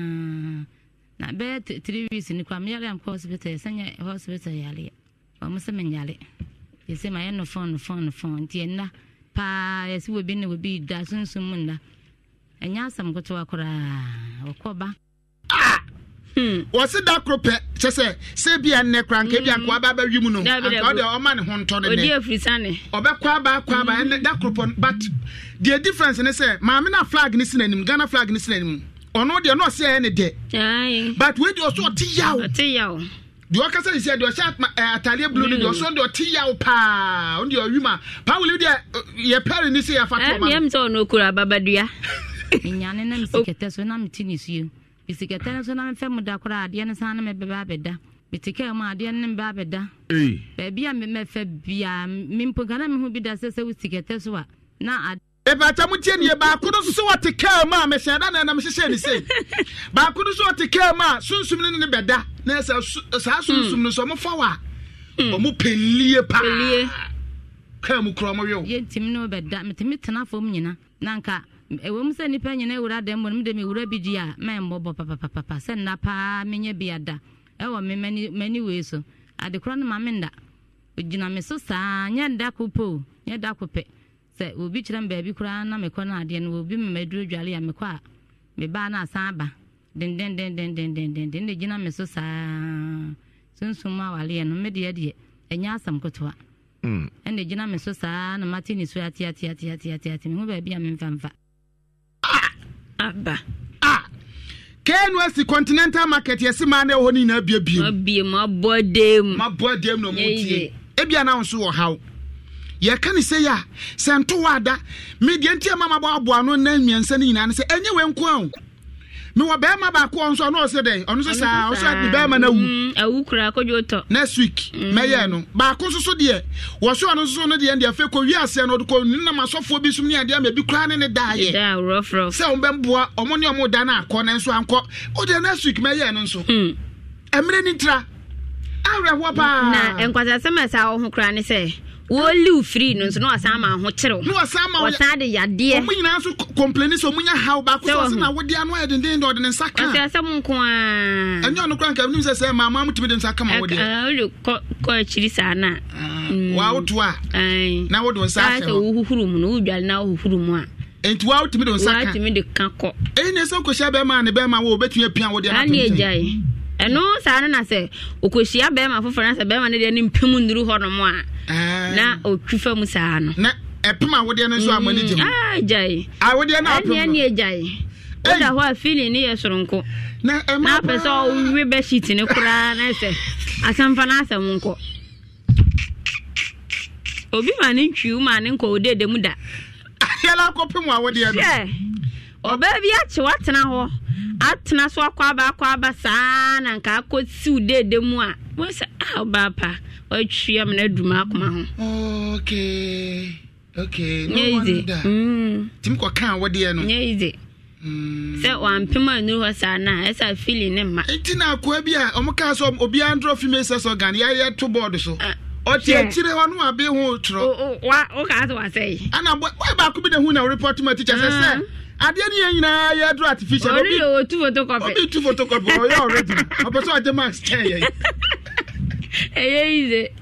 na bɛyɛ three weeks ni kora meyare amkɔ hospital yɛsɛ nyɛ hospital yaleɛ ɔmo sɛ menyale yɛsɛ ma yɛ no fɔn no fɔn no fɔn nti ɛnna paa yɛsɛ wɔ bi ne wɔ bi da sunsum mu nna ɛnyɛ asɛm ketewa koraa ɔkɔba Hmm. wɔsi da koro pɛ kyɛ sɛ sɛ bi a nnɛ kora nka hmm. bi a nkoa ba bɛ wimu no nka ɔde ɔma ne ho ntɔ ne nɛ ɔbɛ kɔ aba kɔ aba hmm. ɛnɛ da koro pɔ but deɛ difference ne sɛ maame na flag ne si n'anim ghana flag ne si n'anim ɔno deɛ ɔno ɔsi ɛyɛ ne dɛ but wei deɛ ɔso ɔte yaw deɛ ɔkasa yi sɛ deɛ ɔhyɛ ataleɛ bulu no deɛ ɔso deɛ ɔte yaw paa ɔno deɛ ɔwim a paawuli deɛ yɛ pɛri ne si yɛ fa tɔma. ɛɛ mi yɛ mi sɛ ɔno okura ababadua. so na mi ti mesi um, kɛtɛ hmm. no so na mefɛ mu da koraa adeɛ no san na mɛbɛba abɛda mete kaa mu adeɛ no ne meba abɛda baabi a mɛfɛ biaa mempo nka na mehu bi da sɛ sɛ wo sikɛtɛ so a na ɛbata mu tie nie baako no so wɔte kaa mu a mehyɛn da na ɛnam hyehyɛ ne sei baako no so wɔte kaa mu a sunsum no ne bɛda na saa sunsum no so ɔmofa wo a ɔmo pɛlie paa kaa mu korɔ ɔmo wew yɛntimi ne wobɛda metumi tena fam nyina na nka ɛwɔ mu sɛ nnipa nyina awura dan mu no mede mewura bi gye a mɛmmɔbɔ papapapapa sɛ nna paa menyɛ bi ada ɛwɔ me m'ani wei so adekorɔ no ma menda ɔgyina me so saa nyɛ nda ko po o nyɛ da ko pɛ sɛ obi kyerɛ me baabi koraa na mekɔ no adeɛ no obi ma maduro dwale a mekɔ a me baa no asan aba dendendendendendenden ne gyina me so saa sunsum awaleɛ no medeɛ deɛ ɛnyɛ asɛm kotoa ɛna gyina me so saa na mate ne so ateateateateate mehu baabi a memfamfa aba ah. knus continental market yɛse maa na ɛwɔ no nyinaa biabiamabɔdam na ɔmotie ebia na nso wɔ haw yɛka ne sɛ yi a sɛ nto wɔ ada medeɛ ntiama mabɔ aboa no na mmiɛnsa no nyinaa no sɛ ɛnyɛ wɛnko a o mewɔ bɛrima baako ɔnso ɔno ɔsɛ dɛn ɔno so saa ɔsɛ de bɛrima no awu mm, awu kura tɔ next week mm. mɛyɛ no baako nso so deɛ wɔso ɔno nso no deɛ deɛ afei aseɛ no nenam asɔfoɔ bi som ne adeɛ ma bi koraa ne ne daayɛ sɛ ɔmo ne ɔmo da no akɔ ne nso ankɔ wodeɛ next week mɛyɛ no nso mm. ni awerɛhoɔ paa na nkwasasɛm a saa ho koraa ne sɛ wɔliw firi no nso na ɔsan ma ho kyerɛw ɔsan de yadeɛ ɔmo nyinaa nso kɔmpleni sɛ ɔmo nya haw baako sɛ ɔsɛ na wɔde ano ayɛ denden de ɔde ne nsa ka ɔsɛ sɛ mo nko aa ɛnyɛ ɔno koraa nka ɛnim sɛ sɛ maama mo tumi de nsa ka ma wɔde ɛɛ kɔ kɔ akyiri saa na mm. wɔawoto a na wɔde nsa ahyɛ hɔ sɛ wohuhuru mu no wodwale na wohuhuru mu a nti wa wotumi de nsa ka wotumi de ka kɔ ɛyi na ɛsɛ nkɔhyia bɛrima a ne bɛrima wɔ ɛno saa no na sɛ ɔkɔhyia bɛrima foforɔ na sɛ bɛrima no deɛ ne mpem nnuru hɔ nom a ah. na ɔtwi fa mu saa no na ɛpem awodeɛ no nso amane gye mugyae mm, ah, awodeɛ no ɛneɛ ne ɛgyae woda hɔ a feeling ne yɛ soronko na apɛ sɛ ɔwe bɛhyit ne koraa na sɛ asɛmfa no asɛm nkɔ obi ma ne ntwiw ma ne nkɔ ɔdede mu da yɛla akɔpem awodeɛ no ɔbaa bi akye woatena hɔ atena so akɔ aba akɔ aba saa na nka akɔ siw deede mu a wɔn sɛ ah ɔbaa pa ɔtwi am na adum akoma ho. okay nye mm. tim kɔ kan wɔdeɛ no. nye mm. sɛ wampem a nuru hɔ saa na ɛsɛ afili ne ma. eti na bi a kaa so to so. Ah. ɔte akyire hɔ no wabe ho twerɛ wokaa sɛ wasɛe ana woɛ baako bi na hu na worepɔt ma tikya sɛ sɛ mm. adeɛ ne yɛn nyinaa yɛdoro artificial obi tu photocopy ɔyɛ already ɔpɛ sɛ ɔgye max kyɛn yɛn ɛyɛ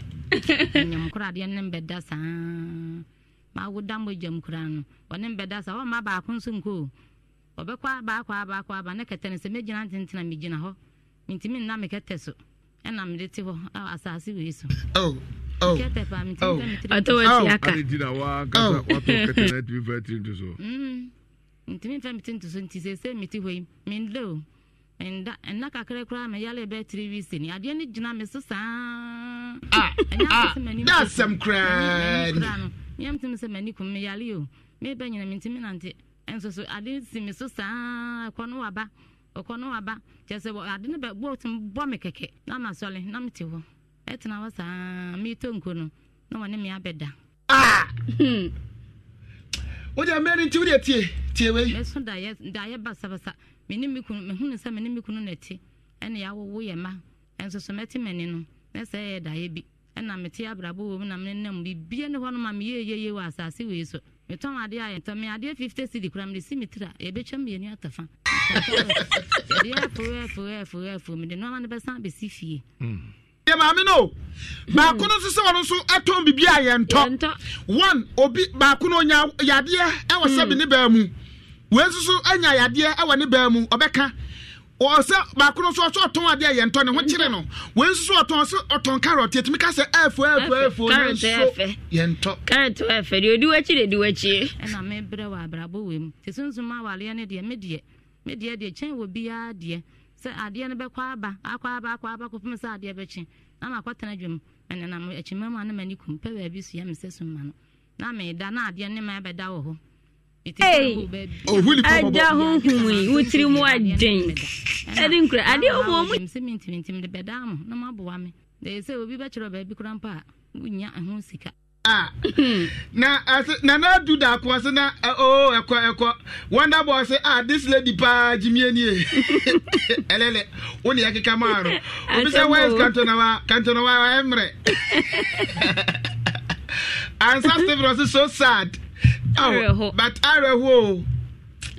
adeɛ ne da saa no ɔne saa baako nso aba ne kɛtɛ sɛ hɔ nna so ɛna mede te hɔ asase wei so ntumi mfa mete nto so nti sɛsɛ mete hɔ yi mende o nna kakra koraa meyale bɛ tiri wi se ni adeɛ no gyina me so saa dasɛm koraa sɛ m'ani kum meyale o mebɛ nyina mentumi nante nso ade si me so saa kɔ no waba ɔkɔ no waba kyɛ sɛ ade no bɛbɔtum bɔ me kɛkɛ na ma sɔle na mete hɔ ɛtena hɔ saa metɔ nko no na wɔne me abɛda ah! hmm. wode mmerɛ nti wode tie tie wei mɛso daeɛ basabasa mene me kunu mehunu sɛ mene me kunu na ti ɛne yɛawowo yɛ ma ɛnso so mɛte m'ani no na sɛ ɛyɛ daeɛ bi ɛna mete abrabɔ wɔ mu na menenam biribia ne hɔ no ma meyɛyɛye wɔ asase wei so metɔn adeɛ ayɛ ntɔn mɛ adeɛ fifty cedi kura mɛ si mi tira ebetwa mmienu atafa yɛde ɛfo ɛfo ɛfo ɛfo mɛ de nɔɔma no bɛsan abɛsi fie. yɛ maame no baako no nso sɛ ɔno nso atɔn bibi a yɛntɔ one obi baako no nya yadeɛ ɛwɔ sɛbi ne bɛɛ mu wei nso so anya yadeɛ ɛwɔ ne bɛɛ mu ɔbɛka ɔsɛ baako no nso ɔsɛ ɔtɔn adeɛ yɛ ntɔ ne ho kyerɛ no wɔn nso ɔtɔn sɛ ɔtɔn carrot yɛ tumi ka sɛ ɛfo ɛfo nso yɛ ntɔ. carrot ɛfɛ deɛ odi wɔkyi deɛ odi wɔkyi. ɛna e mi brɛ wɔ abrabɔ wɔ mu te sunsun awaleɛ ne deɛ mi deɛ mi deɛ deɛ kyɛn wɔ biara deɛ sɛ adeɛ no bɛkɔ aba akɔ aba akɔ aba kɔ sɛ adeɛ bɛkyɛn na ma kɔ tena dwom ɛnana akyimɛ mu anam e, ani kum pɛ baabi so yɛ mi sɛ sunma no na mi da na adeɛ ne ma ɛbɛda wɔ hɔ agya honhom yi wotiri mu aden ɛne nkura adeɛ wɔ mu sɛ mentimntim de bɛdaa mo na maboa me sɛ obi bɛkyerɛ baabi kora mpo a wonya ho sika na ase na do da ko ase oh ekɔ eh, ekɔ eh, wonder say ah this lady pa jimie ni elele woni yake kama aro obi say where is kantona wa kantona wa emre answer steve was so sad but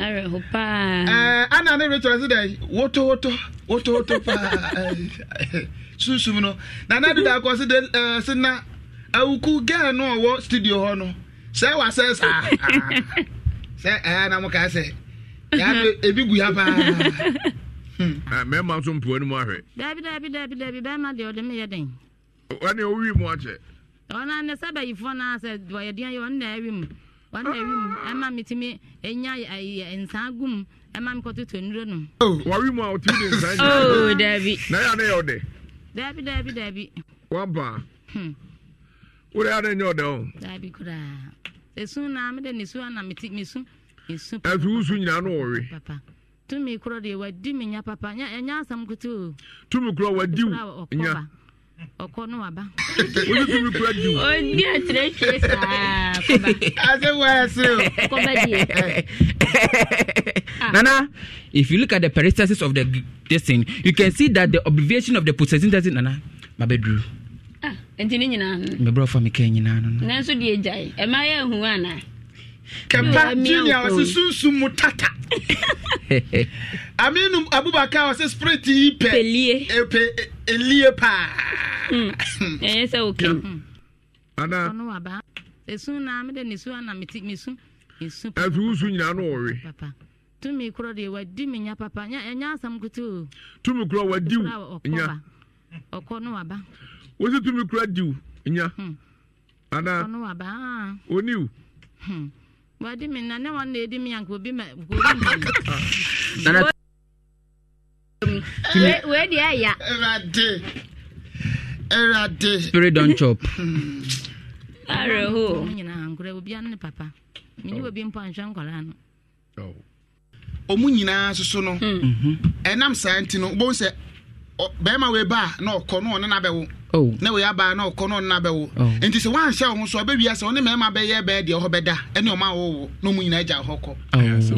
awerɛho paa eh, ana ne rachel sɛ dɛ wotowotɔ wotowotɔ paa sunsum no Nana na deda akɔ se na awuku no studio hɔ no sɛ wasɛ saa sɛ ɛɛ eh, na mo ebi gu ya paa hmm. ah, mmarima nso mpoa no mu ahwɛ daabi daabi deɛ ɔde meyɛ den ɛne ɔwi mu akyɛ ɔno sɛ bɛyifoɔ no a sɛ wɔyɛ deɛ na awi mu wọn na ewim ɛma mi tumi enya ɛyɛ nsa gum ɛma mi kɔtɔ tɔ nuro nom. Oh, wari mu a otu di nsa nyina. ooo oh, dabi. na ya ne yɛ ɔdɛ. dabi dabi dabi. waba. Hmm. o de ya ne nyɛ ɔdɛ o. dabi koraa esun na mi de nisu ana mi ti mi su. esu papa esu usu nyina no wɔwe. papa tumi kuro de wadi mi nya papa nya nya asam kutu. tumi kuro wadi nya ọkọ ní wàá bá. olú tún mi kúrẹ́ jù. o ní ẹ̀tẹ̀rẹ̀ ṣe sáà a ṣe wọ ẹsẹ̀ o. kọba di yẹ. Nana, if you look at the peristasis of the destin, you can see that the obligation of the possessing destin, Nana, Mabedru. Ah, nti ne nyinaa no. Mbɛbura fa mi kɛn nyinaa no. Nanso deɛ gya yi, ɛma yɛ ehu ana. Kɛmpa Junior ɔsi sunsun mu tata. Aminu Abubakar ɔsi spirit yi pɛ. Pelie. Elie paa. ɛyɛ sɛ woke ana na mede ne su ana mete me su ɛsu wo su nyinaa no wɔwe tumi korɔ deɛ wadi me nya papa ɛnyɛ asɛm kote o tumi korɔ wadi nya ɔkɔ no waba wo sɛ tumi korɔ di nya hmm. ana ɔno waba oni hmm. wadi me na ne wɔn na edi me yanko obi ma obi ma wei deɛ ɛya ɛwurade spirit don chop areho ɔmu nyinaa soso no ɛnam saa nti no wobɛhu sɛ bɛrima na ɔkɔ no ɔne nabɛwo na wei abaa na ɔkɔ no ɔne nabɛwo sɛ woanhyɛ wo ho so ɔbɛwia sɛ mmarima bɛyɛ bɛɛ deɛ bɛda ɛne ɔma wowo na ɔmu nyinaa agya hɔ kɔ a sɛ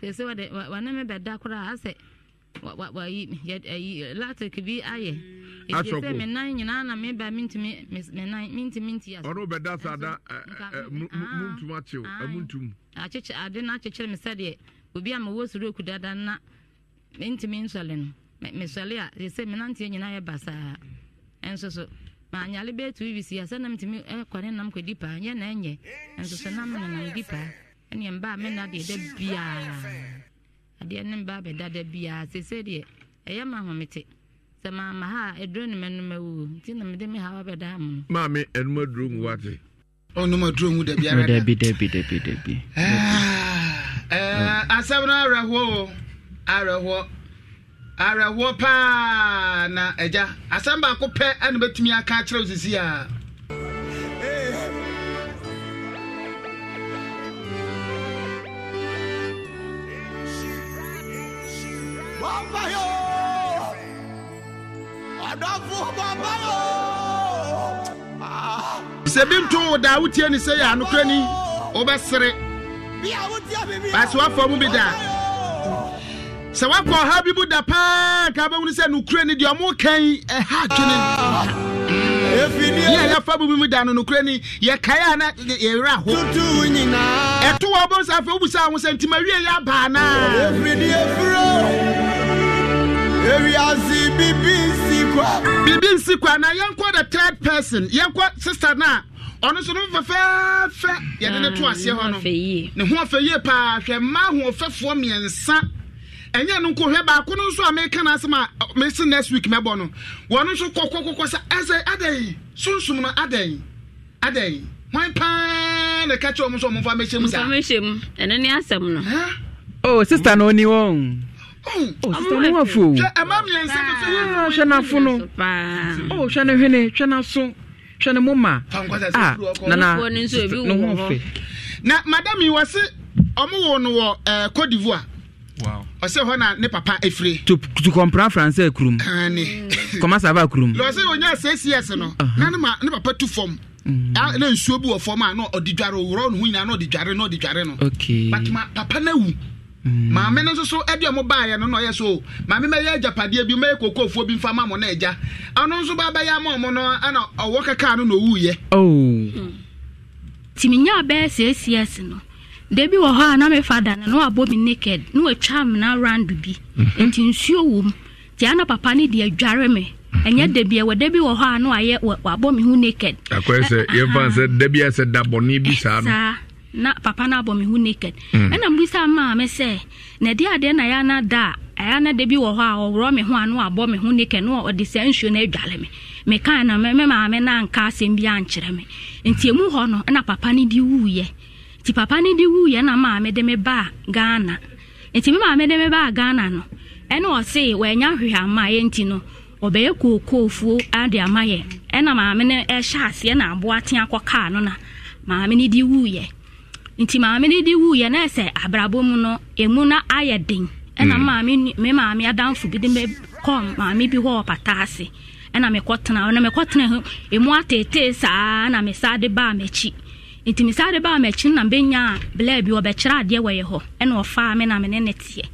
sɛ wane me bɛda koraa wayi latik bi ayɛ ɛfisɛ me nan nyinaa na meba mentumi me nan mentumi nti asɛ ɔno bɛda saa da muntum akyew amuntum akyekyɛ ade no akyekyere me sɛdeɛ obi a mewɔ suroku dada na mentumi nsɔle no mesɔle a ɛsɛ me nanteɛ nyinaa yɛ basaa ɛnso so maanyale bɛɛ tu bi si asɛ na metumi kɔne nam kɔdi paa nyɛ na ɛnyɛ ɛnso so na menanam di paa ɛneɛ mbaa mena deɛ da biara adeɛ ne mba abɛdada biara sese deɛ ɛyɛ ma ahomete sɛ maama ha a aduro ne mɛnum awu nti na mede me haw abɛda amono maame ɛnum aduro mu wate ɔnum aduro mu dabi ara dabi dabi dabi dabi asɛm no awerɛhoɔ awerɛhoɔ awerɛhoɔ paa na agya asɛm baako pɛ ɛna bɛtumi aka akyerɛ wo sisi bàbá yóò ọ̀dọ́fún bàbá yóò. Ah! sẹ́bi ń tún wò dá awútiẹ́ ni sẹ́yà ànúkúrẹ́ ni ó bẹ́ sẹ́rẹ́ bàtí wàá fọ́ mu bi dá sɛ woakɔ ɔha bi mu da paa ka bɛhunu sɛ nokure ni deɛ ɔmo kan ɛha dwene yɛ yɛfa bu bi mu da no ni yɛkae a na yɛwerɛ ho ɛto wɔ bɔ sa afei wobusaa ho sɛ ntimawie yɛ abaa naa biribi nsi kwa na yɛnkɔ the third person yɛnkɔ sister no a ɔno nso no fɛfɛɛfɛ yɛde ne to ah, aseɛ hɔ no ne ho afɛ yie paa hwɛ mmaa ahoɔfɛfoɔ mmiɛnsa ɛnyɛ no nkɔhwɛ baako no nso a meka no asɛm a mesi next week mɛbɔ no wɔno nso kɔkɔkɔkɔ sɛ ɛsɛ adɛn sunsum no adɛn adɛn hwan paa na ɛka kyerɛ ɔm sɛ ɔmomfa mɛhyɛ mu saa ɛno ne asɛm no o oh, sister no ɔni wɔn hwɛ ah, nafo no ah, na madam yi wɔ se ɔmo wo no wɔ uh, eh, cote divoire ɔsɛ hɔ na ne papa ɛfiri to kɔmpra fransɛ kurom kɔma sava kurom lɔsɛ ɔnya sɛsiɛs no na ma ne papa tu fam mm. ah, na nsuo bi wɔ fam a na dware ɔworɔ no nyinaa na dware na dware no but ma papa no Mm. maame no nso so ɛde ɔmo baayɛ no na ɔyɛ so maame mɛyɛ agyapadeɛ bi mɛyɛ kokoofoɔ bi mfa ma mo na agya ɔno nso ba bɛyɛ ama ɔmo no ɛna ɔwɔ kakaa no na owu yɛ. owuiɛ. Oh. Mm. tìmínyà bẹ́ẹ̀ esi ẹsẹ̀ no debi wɔ hɔ a na mefa da no na mi naked na watwa amena round bi mm-hmm. nti nsuo wɔ mu ti ana papa ne deɛ adware me ɛnyɛ mm-hmm. dabi ɛwɔ dabi wɔ hɔ a na wayɛ wabɔ mi ho naked. akɔyɛ sɛ yɛn fa sɛ dabi asɛ dabɔni bi saa no. na papa no abɔ me ho naked mm. ɛna mbisa maame sɛ na ɛde adeɛ na ɛyɛ ana da a ɛyɛ ana da bi wɔ hɔ a ɔworɔ me ho ano abɔ me ho naked na ɔde sɛ nsuo na adwale me mekaa na me maame no anka asɛm bi ankyerɛ me nti emu hɔ no ɛna papa no de wuiɛ nti papa no de wuiɛ na maame de me baa ghana nti me maame de me baa ghana no ɛna ɔse wɔanya hwehwɛ ama yɛ nti no ɔbɛyɛ kookoofuo ade ama yɛ ɛna maame no ɛhyɛ aseɛ na aboa tea kaa no na maame no de wuiɛ nti maame ne de wuiɛ na sɛ abrabɔ mu no emu na ayɛ den ɛna hmm. maame me maame adamfo bi de me maame bi hɔ pata ase ɛna mekɔ ɔna mekɔ tena emu atetee saa na me de baa m'akyi nti me de baa m'akyi na mbɛnya blɛɛ bi ɔbɛkyerɛ adeɛ wɔyɛ hɔ ɛna ɔfaa me na me ne ne teɛ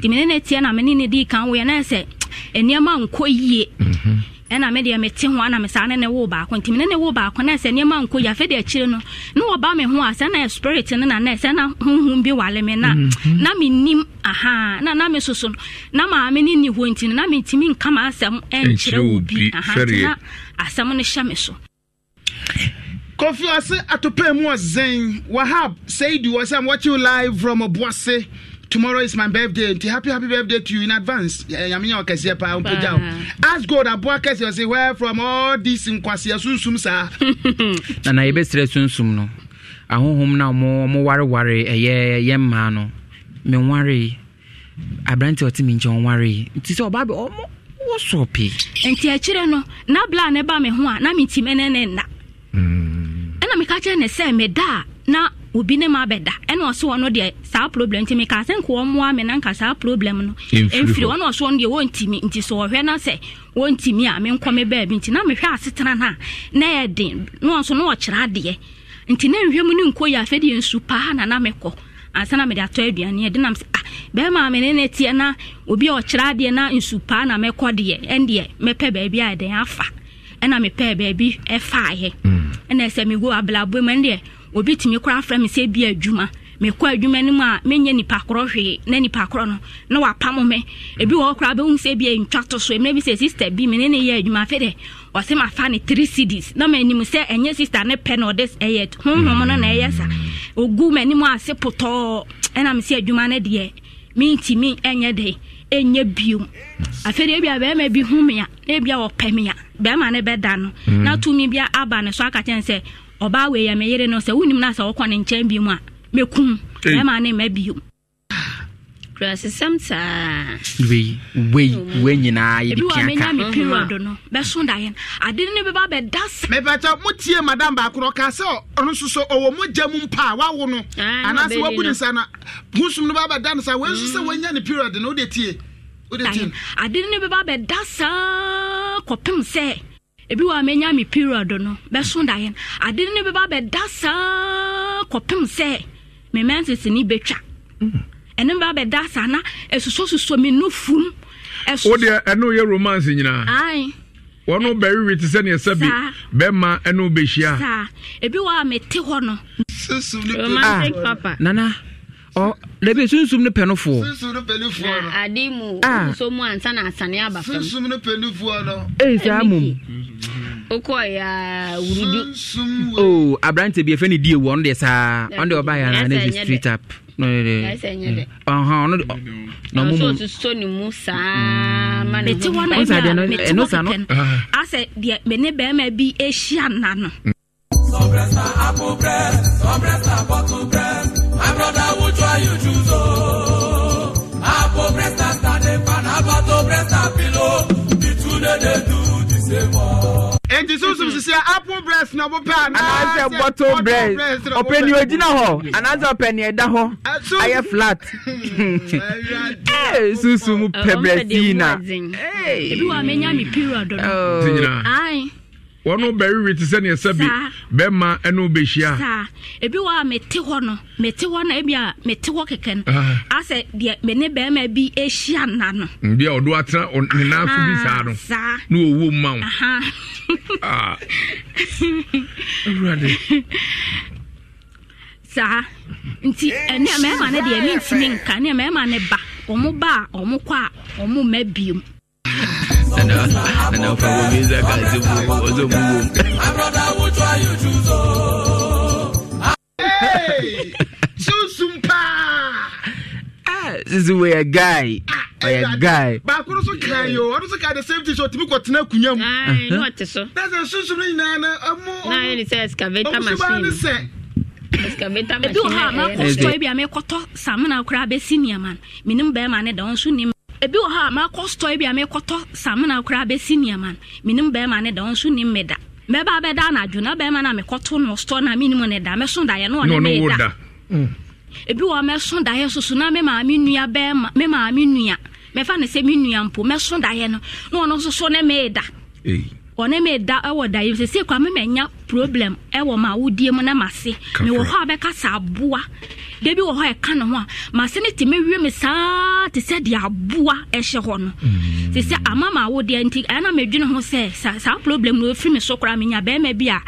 nti me ne ne teɛ na me ne ne di kan wɔyɛ na sɛ nneɛma nkɔ yie. Mhm ɛna me deɛ mete ho ana me saa ne ne wo baako nti me ne ne wo baako na sɛ nneɛma nko yafe de akyire no ne wɔba me ho a sɛ na spirit no na na sɛ na honhom bi wale me na mhm. na menim aha na na me soso na maame ne ni hɔ nti no na mentimi nka ma asɛm ɛnkyerɛ wo bi na asɛm no hyɛ me so kofi ase atopɛ mu ɔzen wahab saidu ɔsɛ am watching live from ɔboase tomorrow is my birthday nti happy happy birthday to you in advance nyame nyɛ ɔkɛseɛ paa mpagya wo as God aboa kɛseɛ ɔse where from all this nkwaseɛ sunsum saa nana yɛbɛsrɛ sunsum no ahohom eh, no mo wareware ɛyɛ yɛ mmaa no menwaree aberante ɔte me nkyɛn ɔwaree nti sɛ ɔba ɔmo wɔsɔ pii eh? nti akyire e no na bla ne ba me ho a na metim ɛnɛ ne nna ɛna hmm. e meka kyerɛ ne sɛ meda a na obi ne ma bɛda ɛna ɔsɛ ɔno deɛ saa problem nti meka sɛ nka ɔmmoa me na nka saa problem no ɛmfiri ɔna ɔsɛ ɔno deɛ wɔntimi nti sɛ ɔhwɛ na sɛ wɔntimi a menkɔ me baabi nti na mehwɛ asetena no na ɛyɛ den na ɔnso na ɔkyerɛ adeɛ nti na nhwɛ mu ne nkɔ yɛ afɛdeɛ nsu paa na na mekɔ ansa na mede atɔ aduane ɛde nam sɛ ah bɛrima me ne ne teɛ na obi a ɔkyerɛ adeɛ na nsu paa na mɛkɔ deɛ ɛndeɛ mɛpɛ baabi a ɛdɛn afa ɛna mepɛɛ baabi ɛfaeɛ hmm. ɛna ɛsɛ mego ablabɔ mu ɛndeɛ obi tumi koraa frɛ me sɛ bi adwuma mekɔ adwuma no mu a menyɛ nipa korɔ hwee na nipa korɔ no na wapam me ebi wɔ koraa bɛhu sɛ bi ntwa to so mmerɛ bi sɛ sister bi me ne ne yɛ adwuma afei dɛ ɔsɛ mafa ne three cds na m'anim sɛ ɛnyɛ sister ne pɛ na ɔde ɛyɛ honhom no na ɛyɛ sa ogu m'anim ase potɔɔ ɛna me sɛ adwuma no deɛ mentimi ɛnyɛ dɛ ɛnyɛ biom afei deɛ ebia bɛrima bi hu me a na ebia ɔpɛ me a bɛrima no bɛda no mm. na tumi bi aba ne so aka sɛ ɔbaa wei yɛ me yere no sɛ wonim no sɛ wokɔ ne nkyɛn bi mu a mɛkum mɛma ne ma bio mepɛkyɛ motie madam baako no sɛ ɔno nso ɔwɔ mogya mu mpa a wawo no ah, anaasɛ wabu ne sa na hosum no babɛda no saa wei sɛ mm. woanya ne period no wode tie wode bɛba bɛda saa kɔpem sɛ ebi wɔ a menya me period no bɛso daeɛ no ade no bɛba bɛda saa kɔpem sɛ me mɛnsese ne bɛtwa ɛno bɛba bɛda saa na ɛsosɔsosɔ me no fum wodeɛ ɛno yɛ romance nyinaa wɔn bɛwiwi te sɛ neɛ sɛbi bɛma ɛno bɛhyia ebi wɔ a mete hɔ no Romance ah. papa nana dabi sunsum no pɛnofoɔ ade ah. mu so mu ansa na asane aba sunsum no pɛnifoɔ no ɛsaa mom wokɔyɛ wurudu o oh, aberante bi ɛfɛ ne die wɔ ɔno deɛ saa ɔno deɛ ɔbaeɛ ana ne de street up asɛ deɛ mene bɛrima bi ɛhyia nna no nti sunsun sisi apple breast na ɔbɔ pɛ ana anaasɛ bottle breast ɔpɛni ogyina hɔ anaasɛ ɔpɛni ɛda hɔ ayɛ flat ɛɛ eh, sunsun mu pɛ breast yi na. ebi wa menya mi period. wɔn bɛwiwi te sɛ neɛsɛ bi bɛma ɛna ɔbɛhyia. saa ebi wɔ a hɔ no a hɔ kɛkɛ no bi ehyia na no. a ɔdo atena ne nan so bi saa no na ma wo. saa nti ɛne mɛrima no deɛ mi ntumi nka ne mɛrima no ba ɔmo ba ɔmo kɔ a na ọfọ wo mi nsa ka ase mu ọsọ mu sisi wo yɛ guy ɔyɛ ah, guy. baako no so kan yi o ɔno so kan de same thing so tìmí kɔ tena akunya mu. ayi n'o ti so. n'asɛ sunsun ni nyinaa na ɔmu. n'ayɛ ni sɛ excavator machine. ɔmusuba ni sɛ ebi wɔ hɔ a makɔ store bi a mekɔtɔ samina koraa bɛsi nneɛma no menim bɛrima ne da wo nso nim ebi wɔ hɔ a makɔ stɔɔ bi a mekɔtɔ samina koraa bɛsi nneɛma no menim bɛrima ne da ɔnso nim me da mɛba bɛda anadwo na bɛrima no a mekɔto no stɔɔ no a menim ne da mɛso daeɛ na ɔne me da mm. ebi wɔ mɛso daeɛ soso na me maame nua bɛrima me maame nua mɛfa ne sɛ me nua mpo mɛso daeɛ no na ɔno nso so ne me da ɔne me da ɛwɔ da yi sɛ sɛ kwa me mɛnya problem ɛwɔ ma awodie mu na mase mewɔ ha a bɛkasa aboa da bi wɔ hɔ ɛka ne ho a mase ne te mewie me saa te sɛ de aboa ɛhyɛ hɔ no mm. te sɛ ama ma awodeɛ nti ɛna medwene ho sɛ saa problem no ɛfiri me so koraa menya bɛrima bi a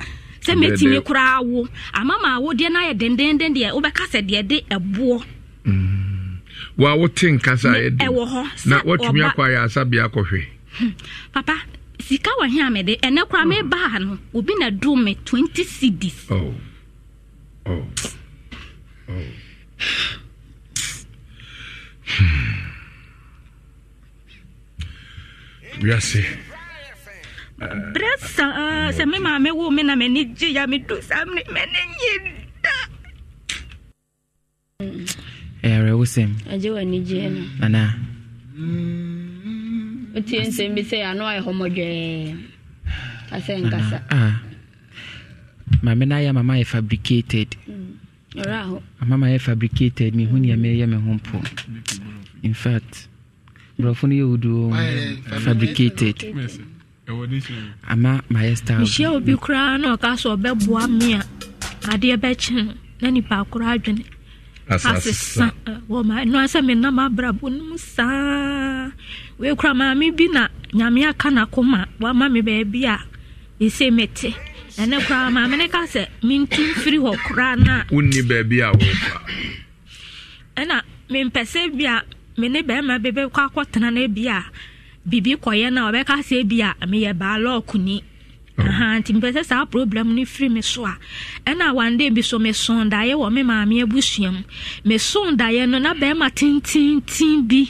sɛ mɛtumi koraa wo ama ma awodeɛ no ayɛ dendenden deɛ wobɛka sɛ deɛ de ɛboɔ mm. wa wote nkasa yɛ de ɛwɔ hɔ na watumi akɔ ayɛ asabea akɔhwɛ hmm. papa sika wɔ hɛn amede ɛnɛ koraa hmm. mebaa no obi na do me twenty cds oh. Oh wiase berɛ saa sɛ me maa mewo me na mm-hmm. ah. m'ani gye ya medo saa mene m'ani nye da ɛyɛwerɛwo sɛm agye w'anigyeɛ no anaa wotie nsɛm bi sɛ ano ayɛ hɔ mmɔdwɛɛ asɛ nkasa maame no ayɛ mama ayɛ fabricated mm amama yɛ fabricated mehu nea mm. meyɛ me ho mpo fact, borɔfo no yɛ woduo fabricated ama mayɛ stylehyia obi koraa na ɔka sɛ ɔbɛboa me a adeɛ bɛkyene na nipa akoro adwene asesa wɔno sɛ menam abrabɔ no mu saa wei kora maame bi na nyame aka nakoma wama me baabi a ɛsɛ mete ɛnɛ koraa maame ne ka sɛ mentu mfiri hɔ koraa na wonni baabi a wɔfa ɛna mempɛ sɛ bi a me ne bɛrima bi bɛkɔ akɔtena no bi a biribi kɔyɛ no a ɔbɛka sɛ bi a meyɛ baa lɔɔkoni oh. nti mpɛ sɛ saa problem no firi me so a ɛna wande bi so mesoo daeɛ wɔ me maame abusua mu mesoo daeɛ no na bɛrima tententen bi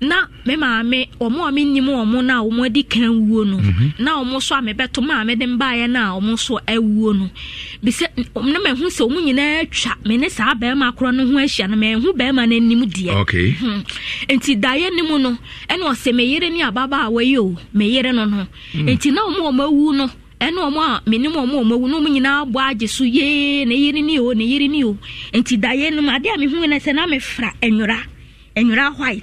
na me maame ɔmo a menim ɔmo na ọmụ ɔmo adi kan wuo no mhm. na ɔmo so a mebɛto maa mede mbaeɛ no a ɔmo so no bisɛ na mahu sɛ ɔmo nyinaa atwa me ne saa barima korɔ no ho ahyia no no anim deɛ hmm. nti daeɛ no ɔsɛ ababaawa yi o no no hmm. na ɔmo ɔmo awu no ɔmo a ɔmo ɔmo awu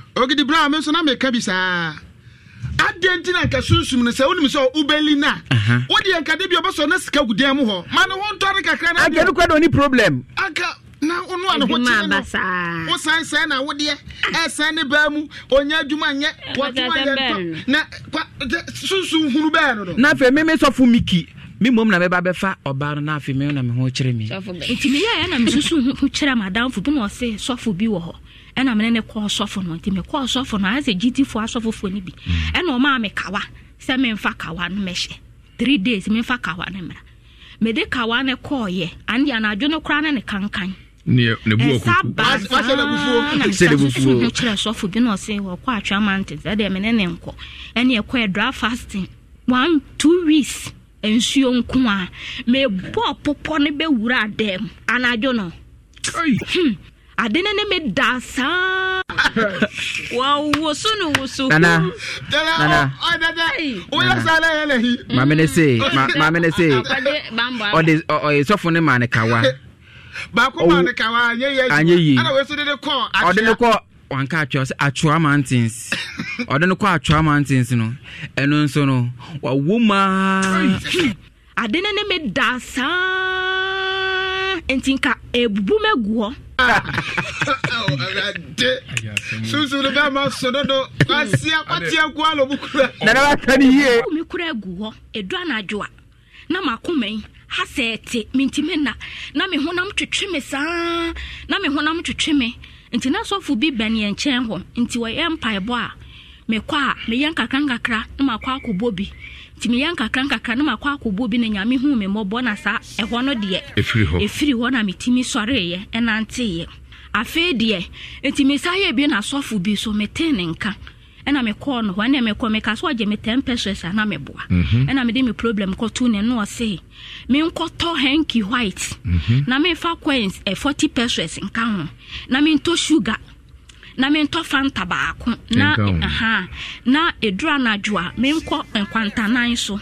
ogidi bra me nso na meka bi saa adeɛ nti na nka sunsum no sɛ wonim sɛ wobɛli no a wodeɛ nka da bi ɔbɛsɔ na sika gu dan mu hɔ ma ne ho ntɔre kakra no adeɛ no kora na ɔni problem anka na wono a ne ho kyerɛ no wosan sɛe na wodeɛ ɛsɛn ne baa mu ɔnya adwuma nyɛ wɔtoma yɛ na sunsum hunu bɛɛ no no na afei meme sɔfo miki me mmom na mɛba bɛfa ɔbaa no na afei na me ho kyerɛ me nti meyɛɛ na mesusu ho kyerɛ madamfo bi na ɔse sɔfo bi wɔ hɔ ɛna mene ne kɔɔ sɔfo no nti mekɔɔ sɔfo no ayɛ sɛ gyitifoɔ asɔfofoɔ no bi ɛna mm. ɔmaa me kawa sɛ memfa kawa no mɛhyɛ three days memfa kawa no mmra mede kawa no kɔɔyɛ aneɛ anadwo no koraa ne ne kankan na mesasusu ho kyerɛ sɔfo bi na ɔse wɔkɔ atwa mountains ɛdeɛ mene ne nkɔ ɛne ɛkɔɛ dra fasting one two weeks nsuo nko a mebɔɔ popɔ no bɛwura adɛm anadwo no ade no ne me da saa wawoso no woso oh, oh, mamene se mamene se ɔde ɔyɛ sɔfo ne maa ne kawa baako maa ne kawa anyɛ yie ɔde ne kɔ wanka atwa mountains ɔde no kɔ atwa mountains no ɛno nso no wawo maa ade no ne me da saa nti nka ebubu megu hɔ. sunsun ga ma sɔdɔ do wasiɛ kɔtiɛ kó alo nana b'a a ni yie. kò mi kura egu hɔ edu anadwo a na ma kó ha sɛ ɛte mintimi na na mi honam me mi saa na mi honam twitwi nti na sɔfo bi bɛn yɛn nkyɛn hɔ nti wɔyɛ mpaebɔ a mekɔ a meyɛ nkakra na ma akɔbɔ bi. nti meyɛ nkakra nkakra no makɔ akɔbɔ bi na nyame hu me mmɔbɔ na saa ɛhɔ no deɛ ɛfiri hɔ na metumi sɔreeɛ ɛnanteeɛ afei deɛ nti sa yɛ bi na asɔfo bi so metee ne nka ɛna mekɔɔ no hɔ ɛna mekɔ ka so ɔgye me ten pesos ana meboa mhm. ɛna mede me problem tu ne no ɔse menkɔtɔ hanky white mhm. na fa coins eh, 40 pesos nka ho na to sugar na mentɔ fanta baako na aha na ɛduru anadwo a menkɔ nkwantanan so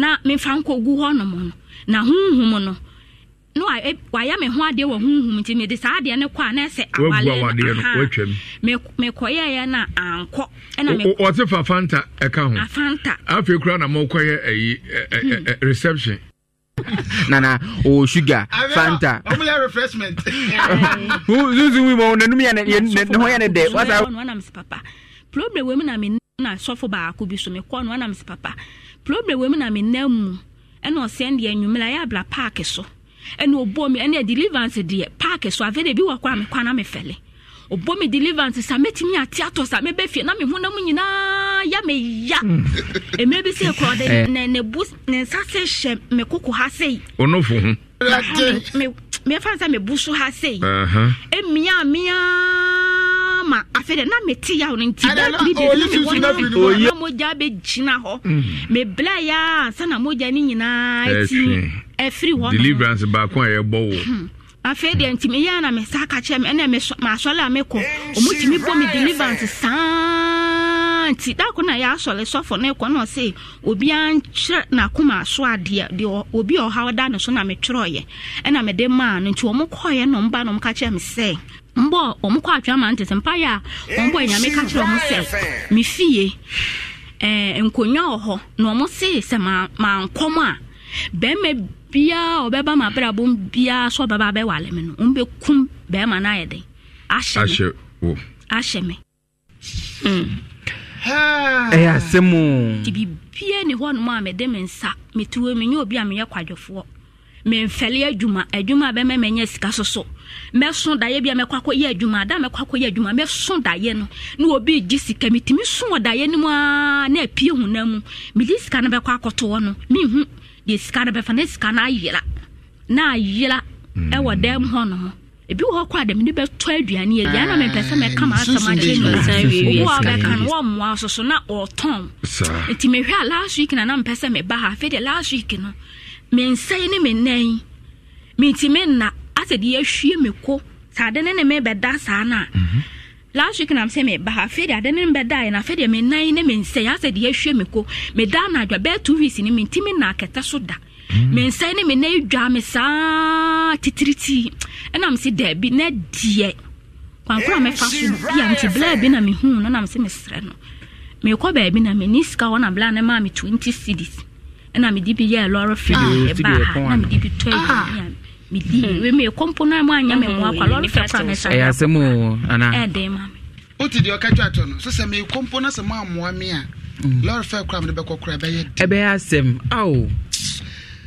na memfa nkɔgu hɔnom no na honhum no no e, wayɛ me ho adeɛ wɔ honhum nti mede saa adeɛ no kɔ a na ɛsɛ awaleɛ mekɔyɛɛ no ankɔ ɛnaɔte fa fanta ɛka ho afanta afei koraa na mokɔyɛ ayi hmm. reception nana o sugar fanta ɔmulɛ refreshment zuzu wi ma o nanum yɛ ne ho yɛ ne dɛ wasa. ɔnam si papa problem wɛ mu na mi na sɔfo baako bi so mi kɔ no ɔnam si papa problem wɛ mu na mi nan mu ɛna ɔsɛn deɛ enyimila yɛ abla paaki so ɛna obo mi ɛna deliverance deɛ paaki so afɛ de bi wɔ kɔ a mi kɔ a na mi fɛlɛ obo mi deliverance sa mɛtumi ati atɔ sa mɛbɛ fie na mi ho na mu nyinaa nyinaa ya hmm. eh. me ya ɛmɛ bi sɛ kura de ne bu ne nsa se hyɛ me koko ha se yi. onofo ho. mmeɛfa sɛ me bu so ha se yi. emia mia ma afei de na me ti ya no nti da bi de oh, na me wɔn oh, na me mogya bɛ gyina hɔ hmm. me bla ya sana mogya ne nyinaa eh, ti ɛfiri hɔ. deliverance baako a yɛ bɔ wo. Hmm. afei deɛ ntumi yɛn na me sa ka kyerɛ me ɛna me asɔre a me kɔ ɔmo tumi bɔ me deliverance saa. nti dako na yɛasɔre sɔfo no kɔ na ɔse nkyerɛ n'akoma adeɛ deɛ obi a ɔhaw da ne so na metwerɛɔyɛ ɛna mede maa no nti ɔmo kɔɔyɛ na ba na ɔmo ka kyerɛ me sɛ mbɔ ɔmo kɔ ma a ɔmbɔ anyame ka kyerɛ ɔmo sɛ nkonnwa wɔ hɔ na ɔmo se sɛ a bɛrima ɔbɛba ma ɔbɛba no ɔmo bɛrima no ayɛ den ahyɛ ɛyɛ asɛm nti biribia ne hɔnom a mede me nsa metuo menyɛ obi a meyɛ kwadwofoɔ memfɛle adwuma adwuma a bɛma manya sika soso. so mɛso daeɛ bi a mɛkɔ akɔ yɛ adwuma da mɛkɔ akɔ yɛ adwuma mɛso daeɛ no na obi gye sika metumi so wɔ daeɛ no mu a na apie honam mu mede sika no bɛkɔ akɔtoɔ no mehu deɛ sika no bɛfa na sika no ayera na ayera mm. ɛwɔ dan mu hɔ no ho ebi wɔ hɔ kɔ a dɛm ne bɛtɔ aduane yɛ ah, yɛn na mɛ mpɛ sɛ mɛ kama asɛm akyɛ ni wo a bɛka no wɔn mmoa soso na ɔtɔn nti mɛ hwɛ a last week na na mpɛ sɛ mɛ ba ha afei de last week no mɛ nsa yi ne mɛ nan yi mɛ nti mɛ na asɛ de ahwie mɛ ko saa de ne ne mɛ bɛ da saa na mhm. last week na mɛ sɛ mɛ ba ha afei de ade ne mɛ da yɛ na afei de mɛ nan ne mɛ nsa yi de ahwie mɛ ko mɛ da na adwa bɛɛ two weeks ni mɛ nti mɛ na akɛtɛ so da. Mm. me nsa ne me nan dwa me saa titiriti ɛna me daabi na deɛ kwankora eh, mɛfa so bia nti blaa bi na mehu no na me mesrɛ no mekɔ baabi na meni sika hɔ na blaa ne maa me 20 cedis ɛna mede bi yɛɛ lɔre fɛ ɛbaa ha na mede bi tɔ mm-hmm. mm-hmm. aduane deɛ ɔka twa no sɛ sɛ mekɔ no sɛ moammoa me a mm. lɔre fɛ kora mede bɛkɔ kora ɛbɛyɛ asɛm ao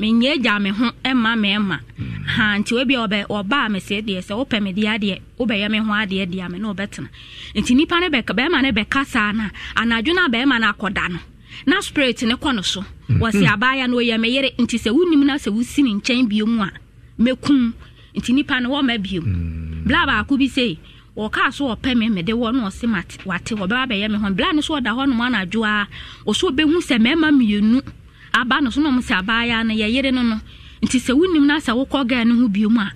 menyɛ gya me ho ma hmm. ha nti obi ɔbɛ ɔbaa me sɛ deɛ sɛ wopɛ me deɛ adeɛ wobɛyɛ me ho adeɛ na nti nipa no bɛka bɛrima bɛka saa na anadwo na no akɔda no na spirit ne kɔ no so hmm. wɔsi hmm. abaaya no oyɛ me yere nti sɛ na sɛ ne nkyɛn bio mu a mɛkum nti nipa no wɔma bio bla baako bi wɔkaa so wɔpɛ me mede wɔ na wate wɔbɛba bɛyɛ me aba no so na ɔmo sɛ abaayewa no yɛ yere no no nti sɛ wunim na sɛ wokɔ gaa no ho biom a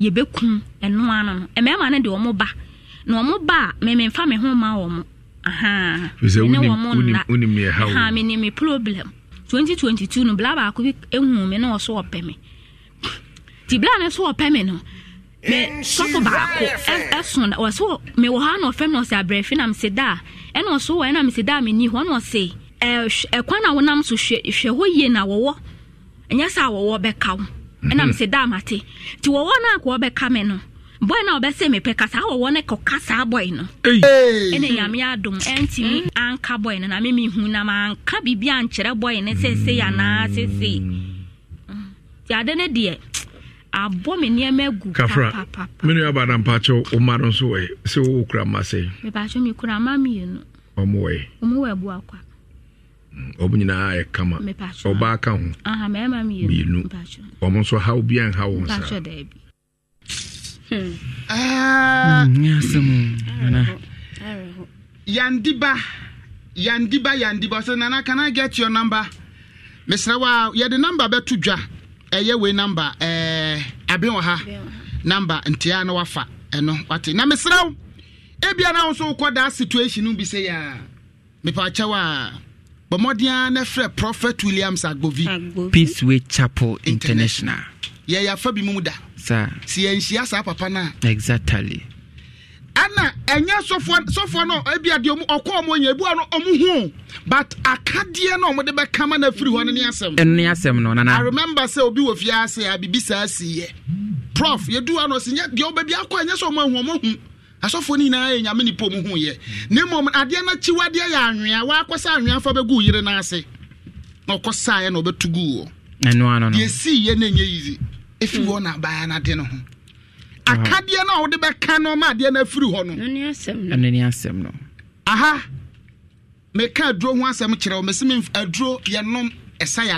yɛbɛkum ɛno ano no mmarima no de ɔmo ba na ɔmo ba a mmemmefa me ho ma wɔn ahaa ne wɔn nna ahaa me ne problem twenty twenty two no bla baako bi ehun mi na ɔso ɔpɛ mi ti bla no so ɔpɛ mi no mɛ sɔfo baako ɛso ɔso mɛ wɔ ha na ɔfɛm na ɔsɛ abrɛfi na mɛ sɛ daa ɛna ɔso wɔ ɛna mɛ sɛ daa mɛ ni hɔ na ɔsɛ. ɛkwan eh, eh, a wonam so hwɛ hwɛ hɔ yie na wɔwɔ ɛnyɛ sɛ a wɔwɔ bɛka wo mhm. ɛnam sɛ daa mate nti wɔwɔ no akɔ wɔbɛka me no bɔi no a wɔbɛsɛ mepɛ kasa wɔwɔ no kɔka saa bɔi no ɛne nyame adom ɛntimi mm. anka bɔi no na memehu nam anka biribi ankyerɛ bɔi no seesei anaa seesei mm. nti ade no deɛ abɔ me nneɛma agu kafra menu aba na mpakyɛ wo ma no nso wɔ sɛ wowɔ kura ma sɛ mepakyɛ mekura ma mmienu ɔmowɔɛ ɔmowɔ abu akwa Mm, ɔmo nyinaa yɛ kama ɔbaa ka ho mmienu ɔmo nso haw bia nha wo saa hmm. Hmm, yandiba yandiba yandiba ɔsɛ nana can i get your number mesrɛ wa yɛde number bɛto dwa ɛyɛ wei number abe wɔ ha number ntia na wafa ɛno wate na mesrɛ wo na wo nso wokɔ daa situation bi sɛ a a bɔ mmɔdena ne frɛ prophet williams agbovi peaceway chapel international yɛyɛafa bi mu da saa si yɛnhyia saa papa no a exactly ɛna ɛnyɛ sɔfoɔ no ebi adeɛ ɔmo ɔkɔ ɔmo yɛ ebi ɔno ɔmo ho but akadeɛ no ɔmo de bɛkama na firi hɔ no ne asɛm ɛno ne asɛm no nana i remember say obi wɔ fie ase a bibi saa si yɛ prof yɛdu ano si nyɛ deɛ ɔbɛbi akɔ ɛnyɛ sɛ ɔmo ahu ɔmo hu asɔfoɔ no nyinaa yɛ nyame nipa mu huyɛ na mmom adeɛ no akyiwadeɛ yɛ anwea waakɔ sɛ anwea fa bɛgu yere no ase na ɔkɔ saeɛ na ɔbɛto gu wɔ deɛ siiɛ no ɛnyɛ yizi ɛfi wɔ na abaa no ade no ho akadeɛ no a wode bɛka no ma adeɛ no afiri hɔ no aha meka aduro ho asɛm kyerɛ wo mɛsɛ aduro yɛnom ɛsa yɛ